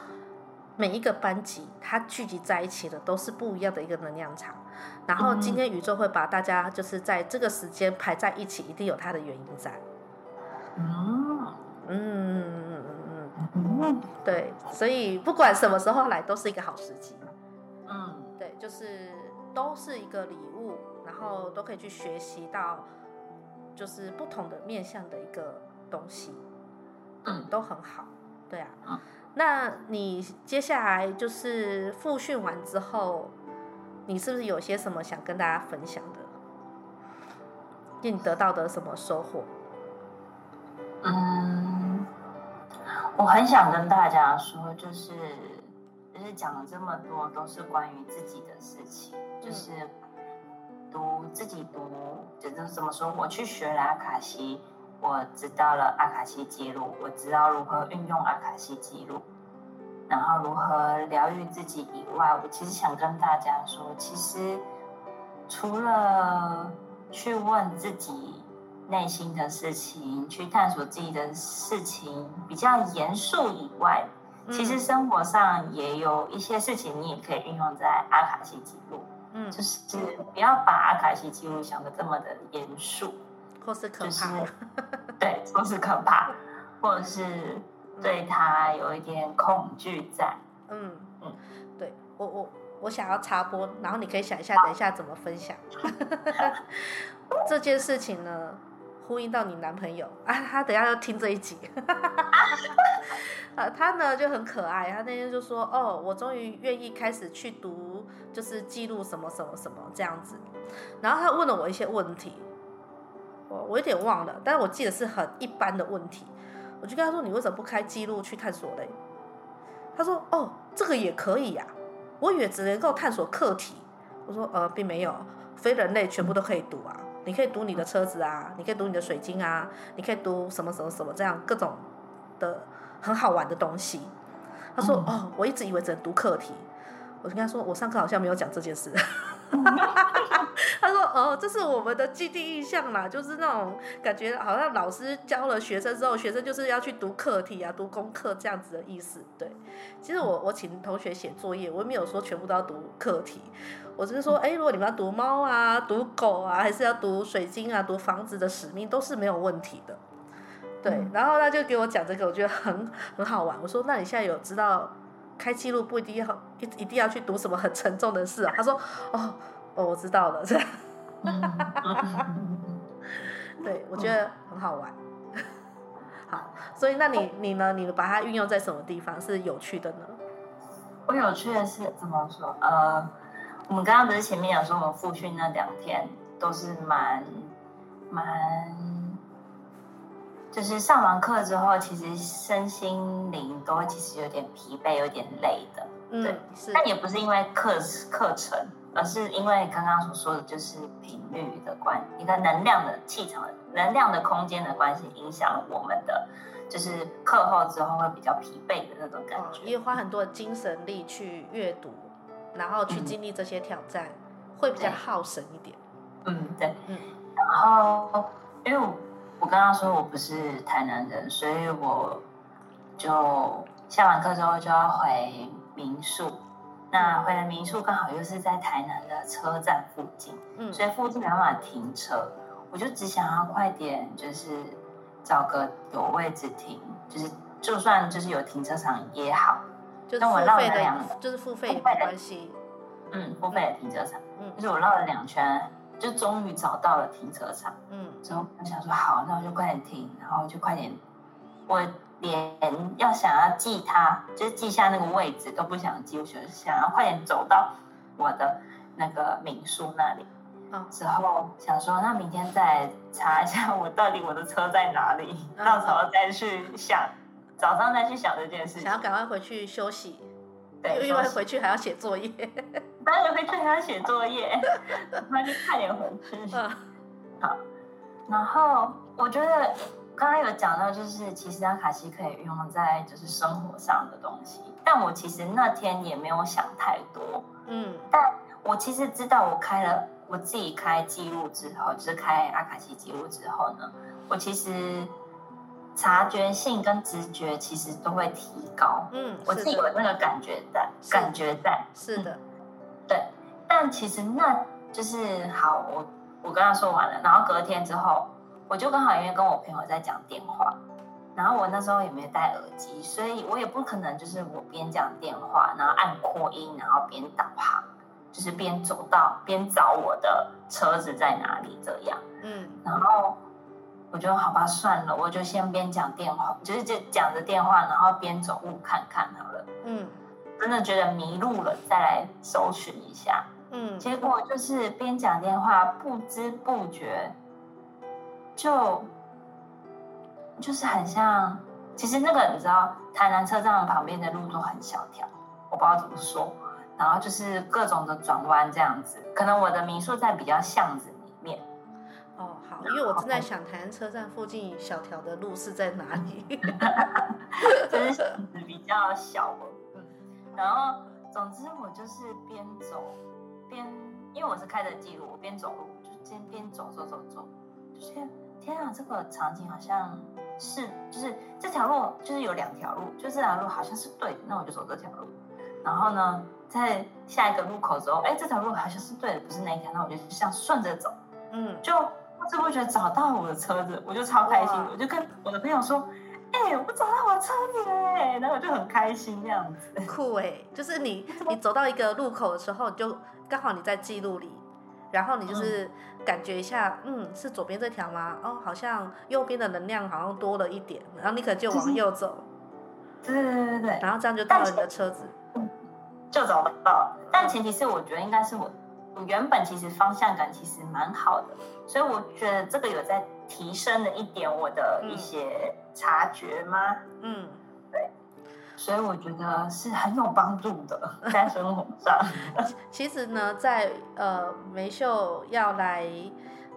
每一個班級它聚集在一起的都是不一樣的一個能量場。然後今天宇宙會把大家就是在這個時間排在一起，一定有它的原因在。嗯嗯嗯嗯嗯。對，所以不管什麼時候來都是一個好時機。嗯，對，就是都是一個禮物，然後都可以去學習到，就是不同的面向的一個東西。嗯、都很好，對啊。嗯、那你接下來就是複訓完之後，你是不是有些什麼想跟大家分享的？你得到的什麼收穫？嗯，我很想跟大家說，就是就是講了這麼多，都是關於自己的事情，嗯、就是讀自己讀，就是怎麼說，我去學了、阿、卡西。我知道了阿卡西記錄，我知道如何運用阿卡西記錄，然後如何療癒自己以外，我其實想跟大家說，其實除了去問自己內心的事情，去探索自己的事情比較嚴肅以外，嗯，其實生活上也有一些事情你也可以運用在阿卡西記錄，嗯，就是，就是不要把阿卡西記錄想的這麼的嚴肅。或是可怕，就是、對，都是可怕， 或者是對他有一點恐懼在。嗯，嗯，對，我我我想要插播，然後你可以想一下，等一下怎麼分享 這件事情呢？呼應到你男朋友啊，他等一下要聽這一集。 他呢就很可愛，他那天就說：“哦，我終於願意開始去讀，就是記錄什麼什麼什麼這樣子。”然後他問了我一些問題。我我有點忘了，但是我記得是很一般的問題。我就跟他說：“你為什麼不開記錄去探索嘞？”他說：“哦，這個也可以呀、啊。我以為只能夠探索課題。”我說：“呃，並沒有，非人類全部都可以讀啊。你可以讀你的車子啊，你可以讀你的水晶啊，你可以讀什麼什麼什麼這樣各種的很好玩的東西。”他說：“嗯、哦，我一直以為只能讀課題。”我就跟他說：“我上課好像沒有講這件事。” 他說：“哦，這是我們的既定印象啦，就是那種感覺，好像老師教了學生之後，學生就是要去讀課題啊，讀功課這樣子的意思。對，其實我我請同學寫作業，我也沒有說全部都要讀課題，我只是說，哎，如果你們要讀貓啊，讀狗啊，還是要讀水晶啊，讀房子的使命，都是沒有問題的。對，嗯、然後他就給我講這個，我覺得很很好玩。我說，那你現在有知道？”開記錄不一定要一一定要去讀什麼很沉重的事。啊，他說：“哦哦，我知道了。”這樣，嗯，嗯嗯、 對，我覺得很好玩。嗯、好，所以那你，哦、你呢？你把它運用在什麼地方是有趣的呢？我有趣的是怎麼說？呃，我們剛剛不是前面有說我們複訓那兩天都是蠻蠻蠻就是上完課之後，其實身心靈都會其實有點疲憊，有點累的。對嗯，但也不是因為課課程，而是因為剛剛所說的，就是頻率的關係，一個能量的氣場、能量的空間的關係，影響我們的，就是課後之後會比較疲憊的那種感覺。因為花很多的精神力去閱讀，然後去經歷這些挑戰，嗯、會比較耗神一點。嗯，對，嗯。然後，因、哎、為。我剛剛說我不是台南人，所以我就下完課之後就要回民宿。那回來民宿剛好又是在台南的車站附近，嗯，所以附近沒辦法停車。我就只想要快點，就是找個有位置停，就是就算就是有停車場也好。就是付費的，但我繞了兩，就是付費的關係，付費的，嗯，付費的停車場。嗯，就是，嗯，我繞了兩圈，就終於找到了停車場。嗯。之後想說好，那我就快點停，然後就快點，我連要想要記他，就是記下那個位置都不想記，我就想要快點走到我的那個民宿那裡。好之後想說，那明天再查一下我到底我的車在哪裡，啊、到時候再去想，早上再去想這件事情。想要趕快回去休息，對因為回去還要寫作業，當然回去還要寫作業，那 就快點回去。好。然後我覺得剛剛有講到，就是其實阿卡西可以用在就是生活上的東西，但我其實那天也沒有想太多，嗯，但我其實知道，我開了我自己開記錄之後，就是開阿卡西記錄之後呢，我其實察覺性跟直覺其實都會提高，嗯，我自己有那個感覺在，是，感覺在，是的、嗯，對，但其實那就是好我。我跟他說完了，然後隔天之後，我就剛好因為跟我朋友在講電話，然後我那時候也沒戴耳機，所以我也不可能就是我邊講電話，然後按擴音，然後邊導航，就是邊走到邊找我的車子在哪裡這樣。嗯，然後我就好吧算了，我就先邊講電話，就是就講着電話，然後邊走路看看好了。嗯，真的覺得迷路了，再來搜尋一下。嗯，結果就是邊講電話，不知不覺就就是很像。其實那個你知道，台南車站旁邊的路都很小條，我不知道怎麼說。然後就是各種的轉彎這樣子。可能我的民宿在比較巷子裡面。哦，好，然後因為我正在想、哦、台南車站附近小條的路是在哪裡， 就是比較小。嗯，然後總之我就是邊走。邊因為我是開着記錄，我邊走路就邊邊走走走走，就天天啊，這個場景好像是就是這條路，就是，就是有兩條路，就這條路好像是對的，那我就走這條路。然後呢，在下一個路口之後，哎、欸，這條路好像是對的，不是那一條，那我就這樣順着走，嗯，就，我就不知不覺得找到我的車子，我就超開心，哇我就跟我的朋友說，哎、欸，我不找到。聰明哎，然後我就很開心那樣子。酷哎，就是你你走到一個路口的時候，就剛好你在記錄裡，然後你就是感覺一下，嗯，嗯，是左邊這條嗎？哦，好像右邊的能量好像多了一點，然後你可能就往右走。對對對對對。然後這樣就到了你的車子，嗯、就找得到。但前提是我覺得應該是我我原本其實方向感其實蠻好的，所以我覺得這個有在。提升了一點我的一些察覺嗎？嗯，對，所以我覺得是很有幫助的。男生轟其實呢，在呃玫琇要來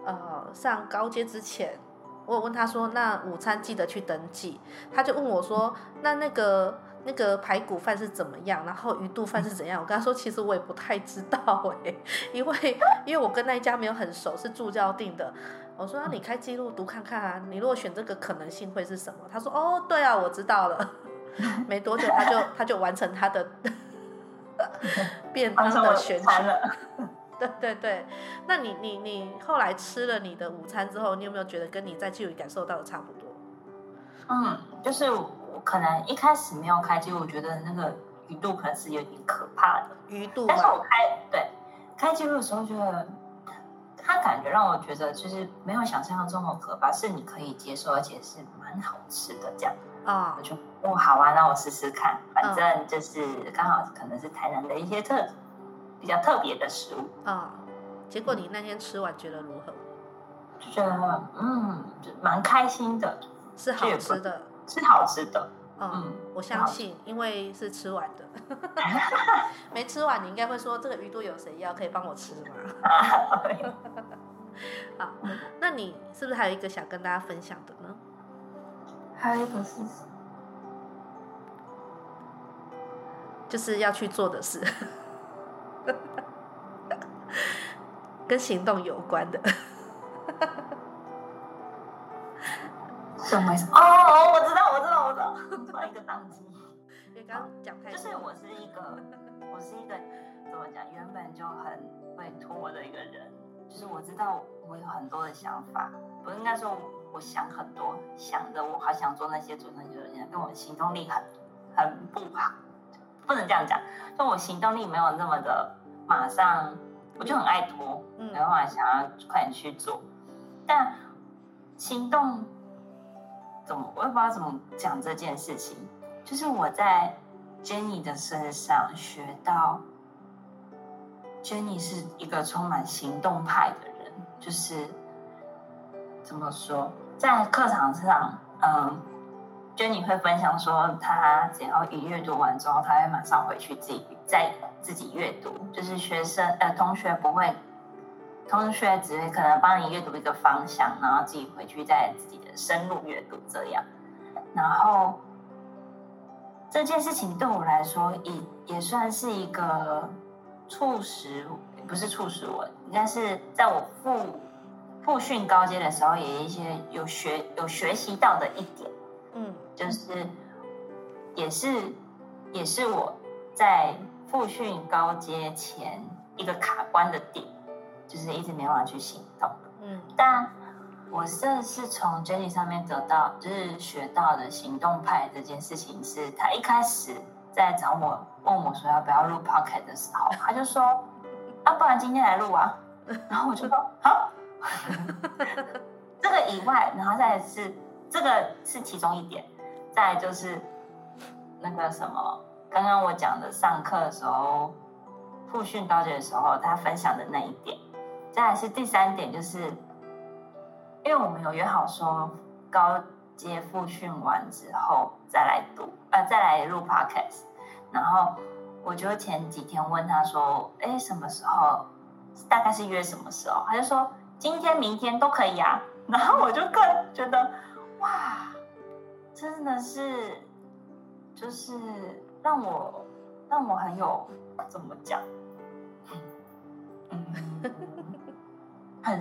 呃上高階之前，我有問他說：“那午餐記得去登記。”他就問我說：“那那個那個排骨飯是怎麼樣？然後魚肚飯是怎樣？”我跟他說：“其實我也不太知道、欸、因為因為我跟那一家沒有很熟，是助教訂的。”我說、啊、你開記錄讀看看啊！嗯、你如果選這個可能性會是什麼？他說哦，對啊，我知道了。沒多久他就他 就完成他的呵呵便當的選擇。對對對，那你你你，你後來吃了你的午餐之後，你有沒有覺得跟你在記錄裡感受到的差不多？嗯，就是我可能一開始沒有開機，我覺得那個魚肚可能是有點可怕的魚肚，度但是我開對開記錄的時候覺得。它感覺讓我覺得就是沒有想象中那麼可怕，是你可以接受，而且是蠻好吃的這樣。啊、哦，我就哦，好啊，那我試試看，反正就是剛好可能是台南的一些特、嗯、比較特別的食物啊、哦。結果你那天吃完覺得如何？就覺得嗯，就蠻開心的，是的，是好吃的，是好吃的。嗯，嗯，我相信，好因為是吃完的， 沒吃完你應該會說，這個魚肚有誰要？可以幫我吃嗎？ 那你是不是還有一個想跟大家分享的呢？還有一個是，就是要去做的事， 跟行動有關的。什麼？哦。換 一個檔期。就是我是一個，我是一個怎麼講？原本就很會拖的一個人，就是我知道我有很多的想法，不是應該說我想很多，想著，我好想做那些，做那些，但是我的行動力很很不好，不能這樣講，就我行動力沒有那麼的馬上，我就很愛拖，沒有辦法想要快點去做，但行動。我也不知道怎麼講這件事情，就是我在 Jannie 的身上學到，Jannie 是一個充滿行動派的人，就是怎麼說，在課堂上，嗯，Jannie 會分享說，他只要一閱讀完之後，他會馬上回去自己再自己閱讀，就是學生，呃，同學不會。同學只會可能幫你閱讀一個方向，然後自己回去再自己的深入閱讀這樣。然後這件事情對我來說也也算是一個促使，不是促使我，應該、嗯、是在我復復訓高階的時候，也有一些有學有學習到的一點，嗯，就是也是也是我在復訓高階前一個卡關的點。就是一直沒辦法去行動，嗯，但我這是從 Jenny 上面得到，就是學到的行動派這件事情是，他一開始在找我問我說要不要錄 podcast 的時候，他就說，啊，不然今天來錄啊，然後我就說好，這個以外，然後再是這個是其中一點，再就是那個什麼，剛剛我講的上課的時候複訓高階的時候，他分享的那一點。再來是第三點，就是因為我們有約好說高階複訓完之後再來讀，呃、再來錄 Podcast。然後我就前幾天問他說：“哎、欸，什麼時候？大概是約什麼時候？”他就說：“今天、明天都可以啊。”然後我就更覺得，哇，真的是，就是讓我讓我很有怎麼講？嗯。 很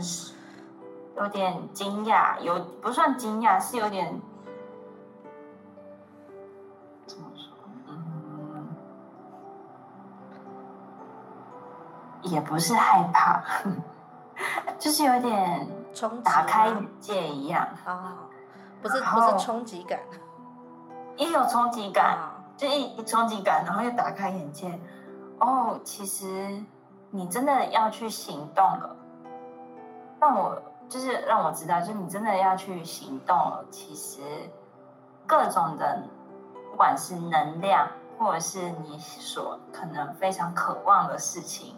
有點驚訝，有不算驚訝，是有點怎麼說、嗯？也不是害怕，呵呵，就是有點衝，打開眼界一樣啊、哦，不是，然後不是衝擊感，一有衝擊感，哦、就一一衝擊感，然後又打開眼界，哦，其實你真的要去行動了。讓我就是讓我知道，就你真的要去行動，其實各種的，不管是能量，或者是你所可能非常渴望的事情，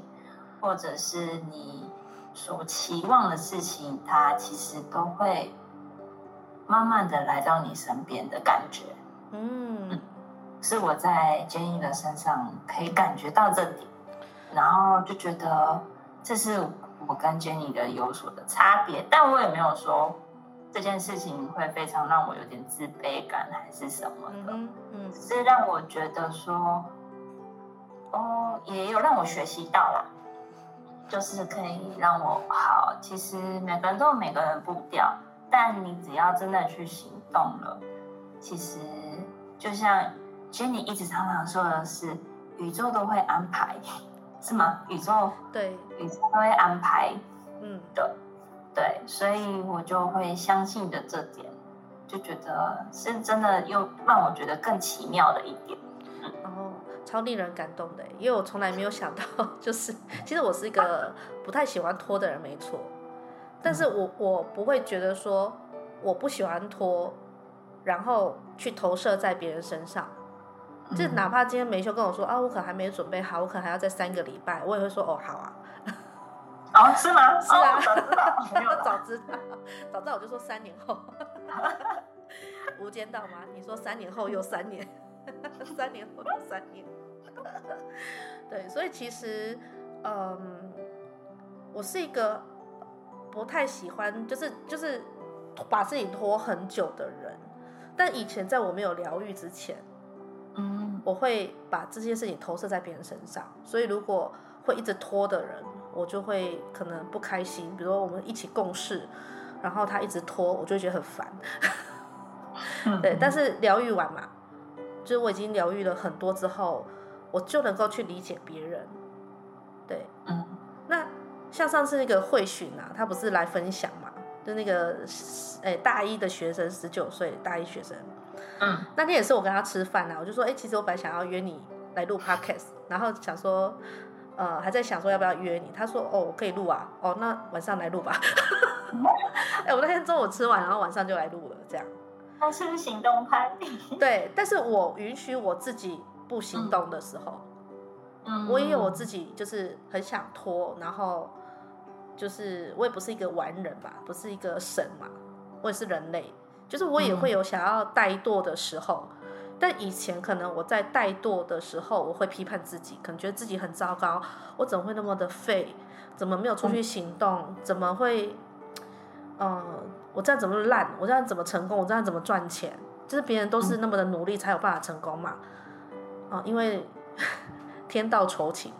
或者是你所期望的事情，它其實都會慢慢的來到你身邊的感覺。嗯，嗯，是我在 Jannie 的身上可以感覺到這點，然後就覺得這是。我跟 Jannie 的有所的差別，但我也沒有說這件事情會非常讓我有點自卑感還是什麼的，只、嗯嗯、是讓我覺得說，哦，也有讓我學習到了、啊，就是可以讓我好。其實每個人都有每個人步調，但你只要真的去行動了，其實就像 Jannie 一直常常說的是，宇宙都會安排。是嗎？宇宙，對，宇宙會安排，嗯對對，所以我就會相信的這點，就覺得是真的，又讓我覺得更奇妙的一點。然後超令人感動的，因為我從來沒有想到，就是其實我是一個不太喜歡拖的人，啊、沒錯，但是我我不會覺得說我不喜歡拖，然後去投射在別人身上。就哪怕今天玫琇跟我說啊，我可能還沒準備好，我可能還要再三個禮拜，我也會說哦，好啊。哦，是嗎？是啊，哦、我早知道， 早知道，早知道我就說三年後。 無間道嗎？你說三年後又三年，三年後又三年。對，所以其實，嗯，我是一個不太喜歡，就是就是把自己拖很久的人。但以前在我沒有療癒之前。嗯， 我會把這些事情投射在別人身上，所以如果會一直拖的人，我就會可能不開心。比如說我們一起共事，然後他一直拖，我就會覺得很煩。 對，但是療癒完嘛，就是我已經療癒了很多之後，我就能夠去理解別人。對，嗯， 那像上次那個慧尋啊，他不是來分享嘛，就那個誒、欸、大一的學生，十九歲大一學生。嗯，那天也是我跟他吃飯啊。我就說，哎、欸，其實我本來想要約你來錄 Podcast，然後想說，呃，還在想說要不要約你。他說，哦，我可以錄啊，哦，那晚上來錄吧。哎、 欸，我那天中午吃完，然後晚上就來錄了，這樣。他是不是行動派？對，但是我允許我自己不行動的時候，嗯，我也有我自己，就是很想拖，然後就是我也不是一個完人吧，不是一個神嘛，我也是人類。就是我也會有想要怠惰的時候，嗯、但以前可能我在怠惰的時候，我會批判自己，可能覺得自己很糟糕，我怎麼會那麼的廢？怎麼沒有出去行動？嗯、怎麼會？嗯、呃，我這樣怎麼爛？我這樣怎麼成功？我這樣怎麼賺錢？就是別人都是那麼的努力才有辦法成功嘛？啊、呃，因為天道酬勤，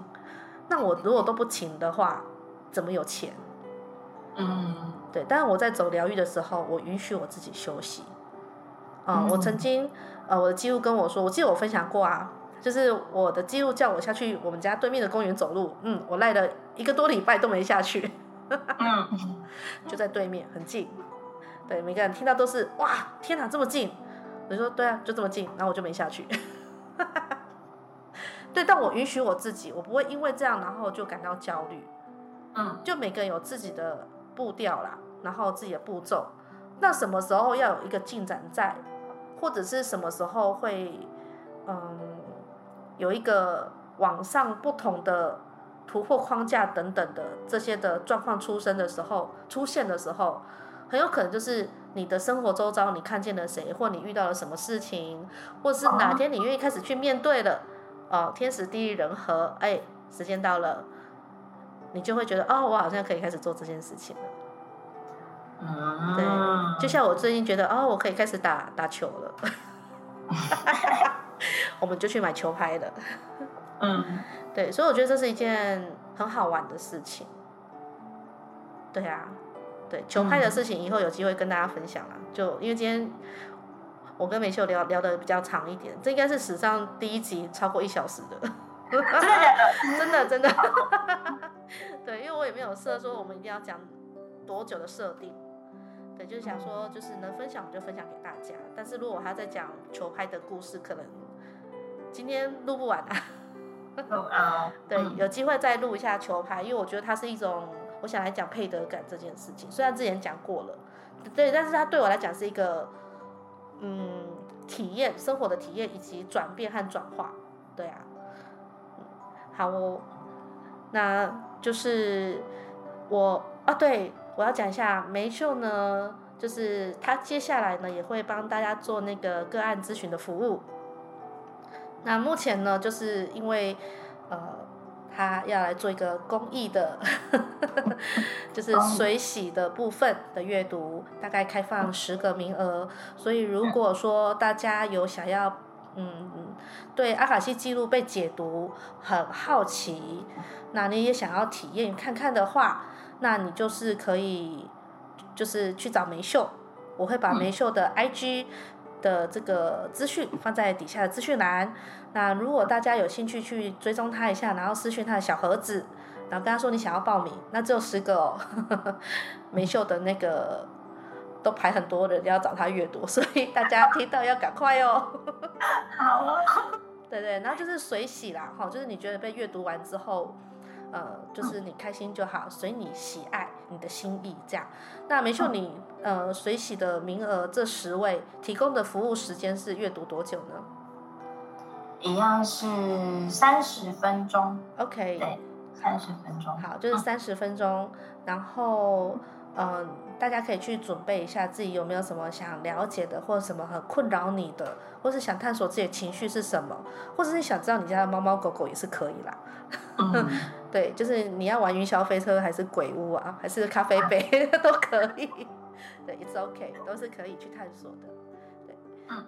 那我如果都不勤的話，怎麼有錢？嗯，對，但是我在走療癒的時候，我允許我自己休息。啊、呃，嗯、我曾經、呃、我的記錄跟我說，我記得我分享過啊，就是我的記錄叫我下去我們家對面的公園走路。嗯，我賴了一個多禮拜都沒下去。 就在對面很近。對，每個人聽到都是哇，天哪，這麼近！我就說對啊，就這麼近，然後我就沒下去。 對，但我允許我自己，我不會因為這樣然後就感到焦慮。嗯，就每個人有自己的。步調啦，然後自己的步驟，那什麼時候要有一個進展在，或者是什麼時候會，嗯，有一個往上不同的突破框架等等的這些的狀況出生的時候出現的時候，很有可能就是你的生活周遭你看見了誰，或你遇到了什麼事情，或是哪天你願意開始去面對了，哦、呃，天時地利人和，哎、欸，時間到了。你就會覺得哦，我好像可以開始做這件事情了。嗯，對，就像我最近覺得哦，我可以開始打打球了， 我們就去買球拍了。嗯，對，所以我覺得這是一件很好玩的事情。對啊，對，球拍的事情以後有機會跟大家分享啦。嗯、就因為今天我跟玫琇聊聊得比較長一點，這應該是史上第一集超過一小時的。真的 真的，真的 對，因為我也沒有設說我們一定要講多久的設定，對，就是想說就是能分享我們就分享給大家，但是如果我還要再講球拍的故事，可能今天錄不完啊。 對，有機會再錄一下球拍，因為我覺得它是一種，我想來講配得感這件事情，雖然之前講過了，對，但是它對我來講是一個嗯體驗生活的體驗以及轉變和轉化，對啊。哦、那就是我啊，對，我要講一下玫琇呢，就是他接下來呢也會幫大家做那個個案諮詢的服務。那目前呢，就是因為呃，他要來做一個公益的， 就是水洗的部分的閱讀，大概開放十個名額，所以如果說大家有想要。嗯嗯，對，阿卡西記錄被解讀很好奇，那你也想要體驗看看的話，那你就是可以，就是去找玫琇，我會把玫琇的 IG 的這個資訊放在底下的資訊欄。那如果大家有興趣去追蹤他一下，然後私訊他的小盒子，然後跟他說你想要報名，那只有十個哦，呵呵玫琇的那個。都排很多人要找他閱讀，所以大家聽到要趕快哦。 好啊，對對，然後就是隨喜啦，哈，就是你覺得被閱讀完之後，呃，就是你開心就好，嗯、隨你喜愛，你的心意這樣。那玫琇，你、嗯、呃隨喜的名額這十位提供的服務時間是閱讀多久呢？一樣是三十分鐘。OK，對，三十分鐘。好，就是三十分鐘，嗯、然後、呃、嗯。大家可以去準備一下，自己有沒有什麼想了解的，或者什麼很困擾你的，或是想探索自己的情緒是什麼，或者是想知道你家的貓貓狗狗也是可以啦。嗯、 對，就是你要玩雲霄飛車還是鬼屋啊，還是咖啡杯 都可以，對，It's okay，都是可以去探索的。對，好，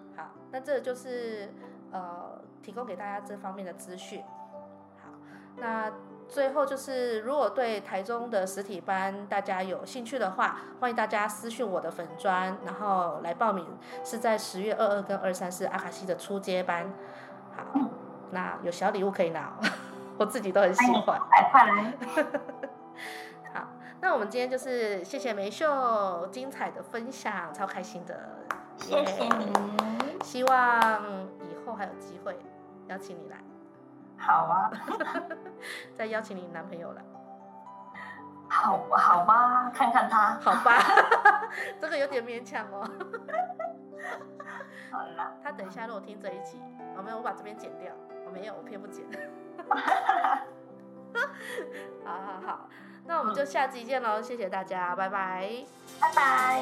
那這就是呃，提供給大家這方面的資訊。好，那。最後就是，如果對台中的實體班大家有興趣的話，歡迎大家私訊我的粉專，然後來報名。是在十月二二跟二三是阿卡西的初階班。好，那有小禮物可以拿，我自己都很喜歡。 好，那我們今天就是謝謝玫琇精彩的分享，超開心的。Yeah, 謝謝您，希望以後還有機會邀請你來。好啊， 再邀請你男朋友了。好，好吧，看看他， 好吧， 這個有點勉強哦。 好了啦，他等一下如果聽這一集，我啦、哦、沒有，我把這邊剪掉，我、哦、沒有，我偏不剪。 好，好好好，那我們就下期見嘍，嗯、謝謝大家，拜拜，拜拜。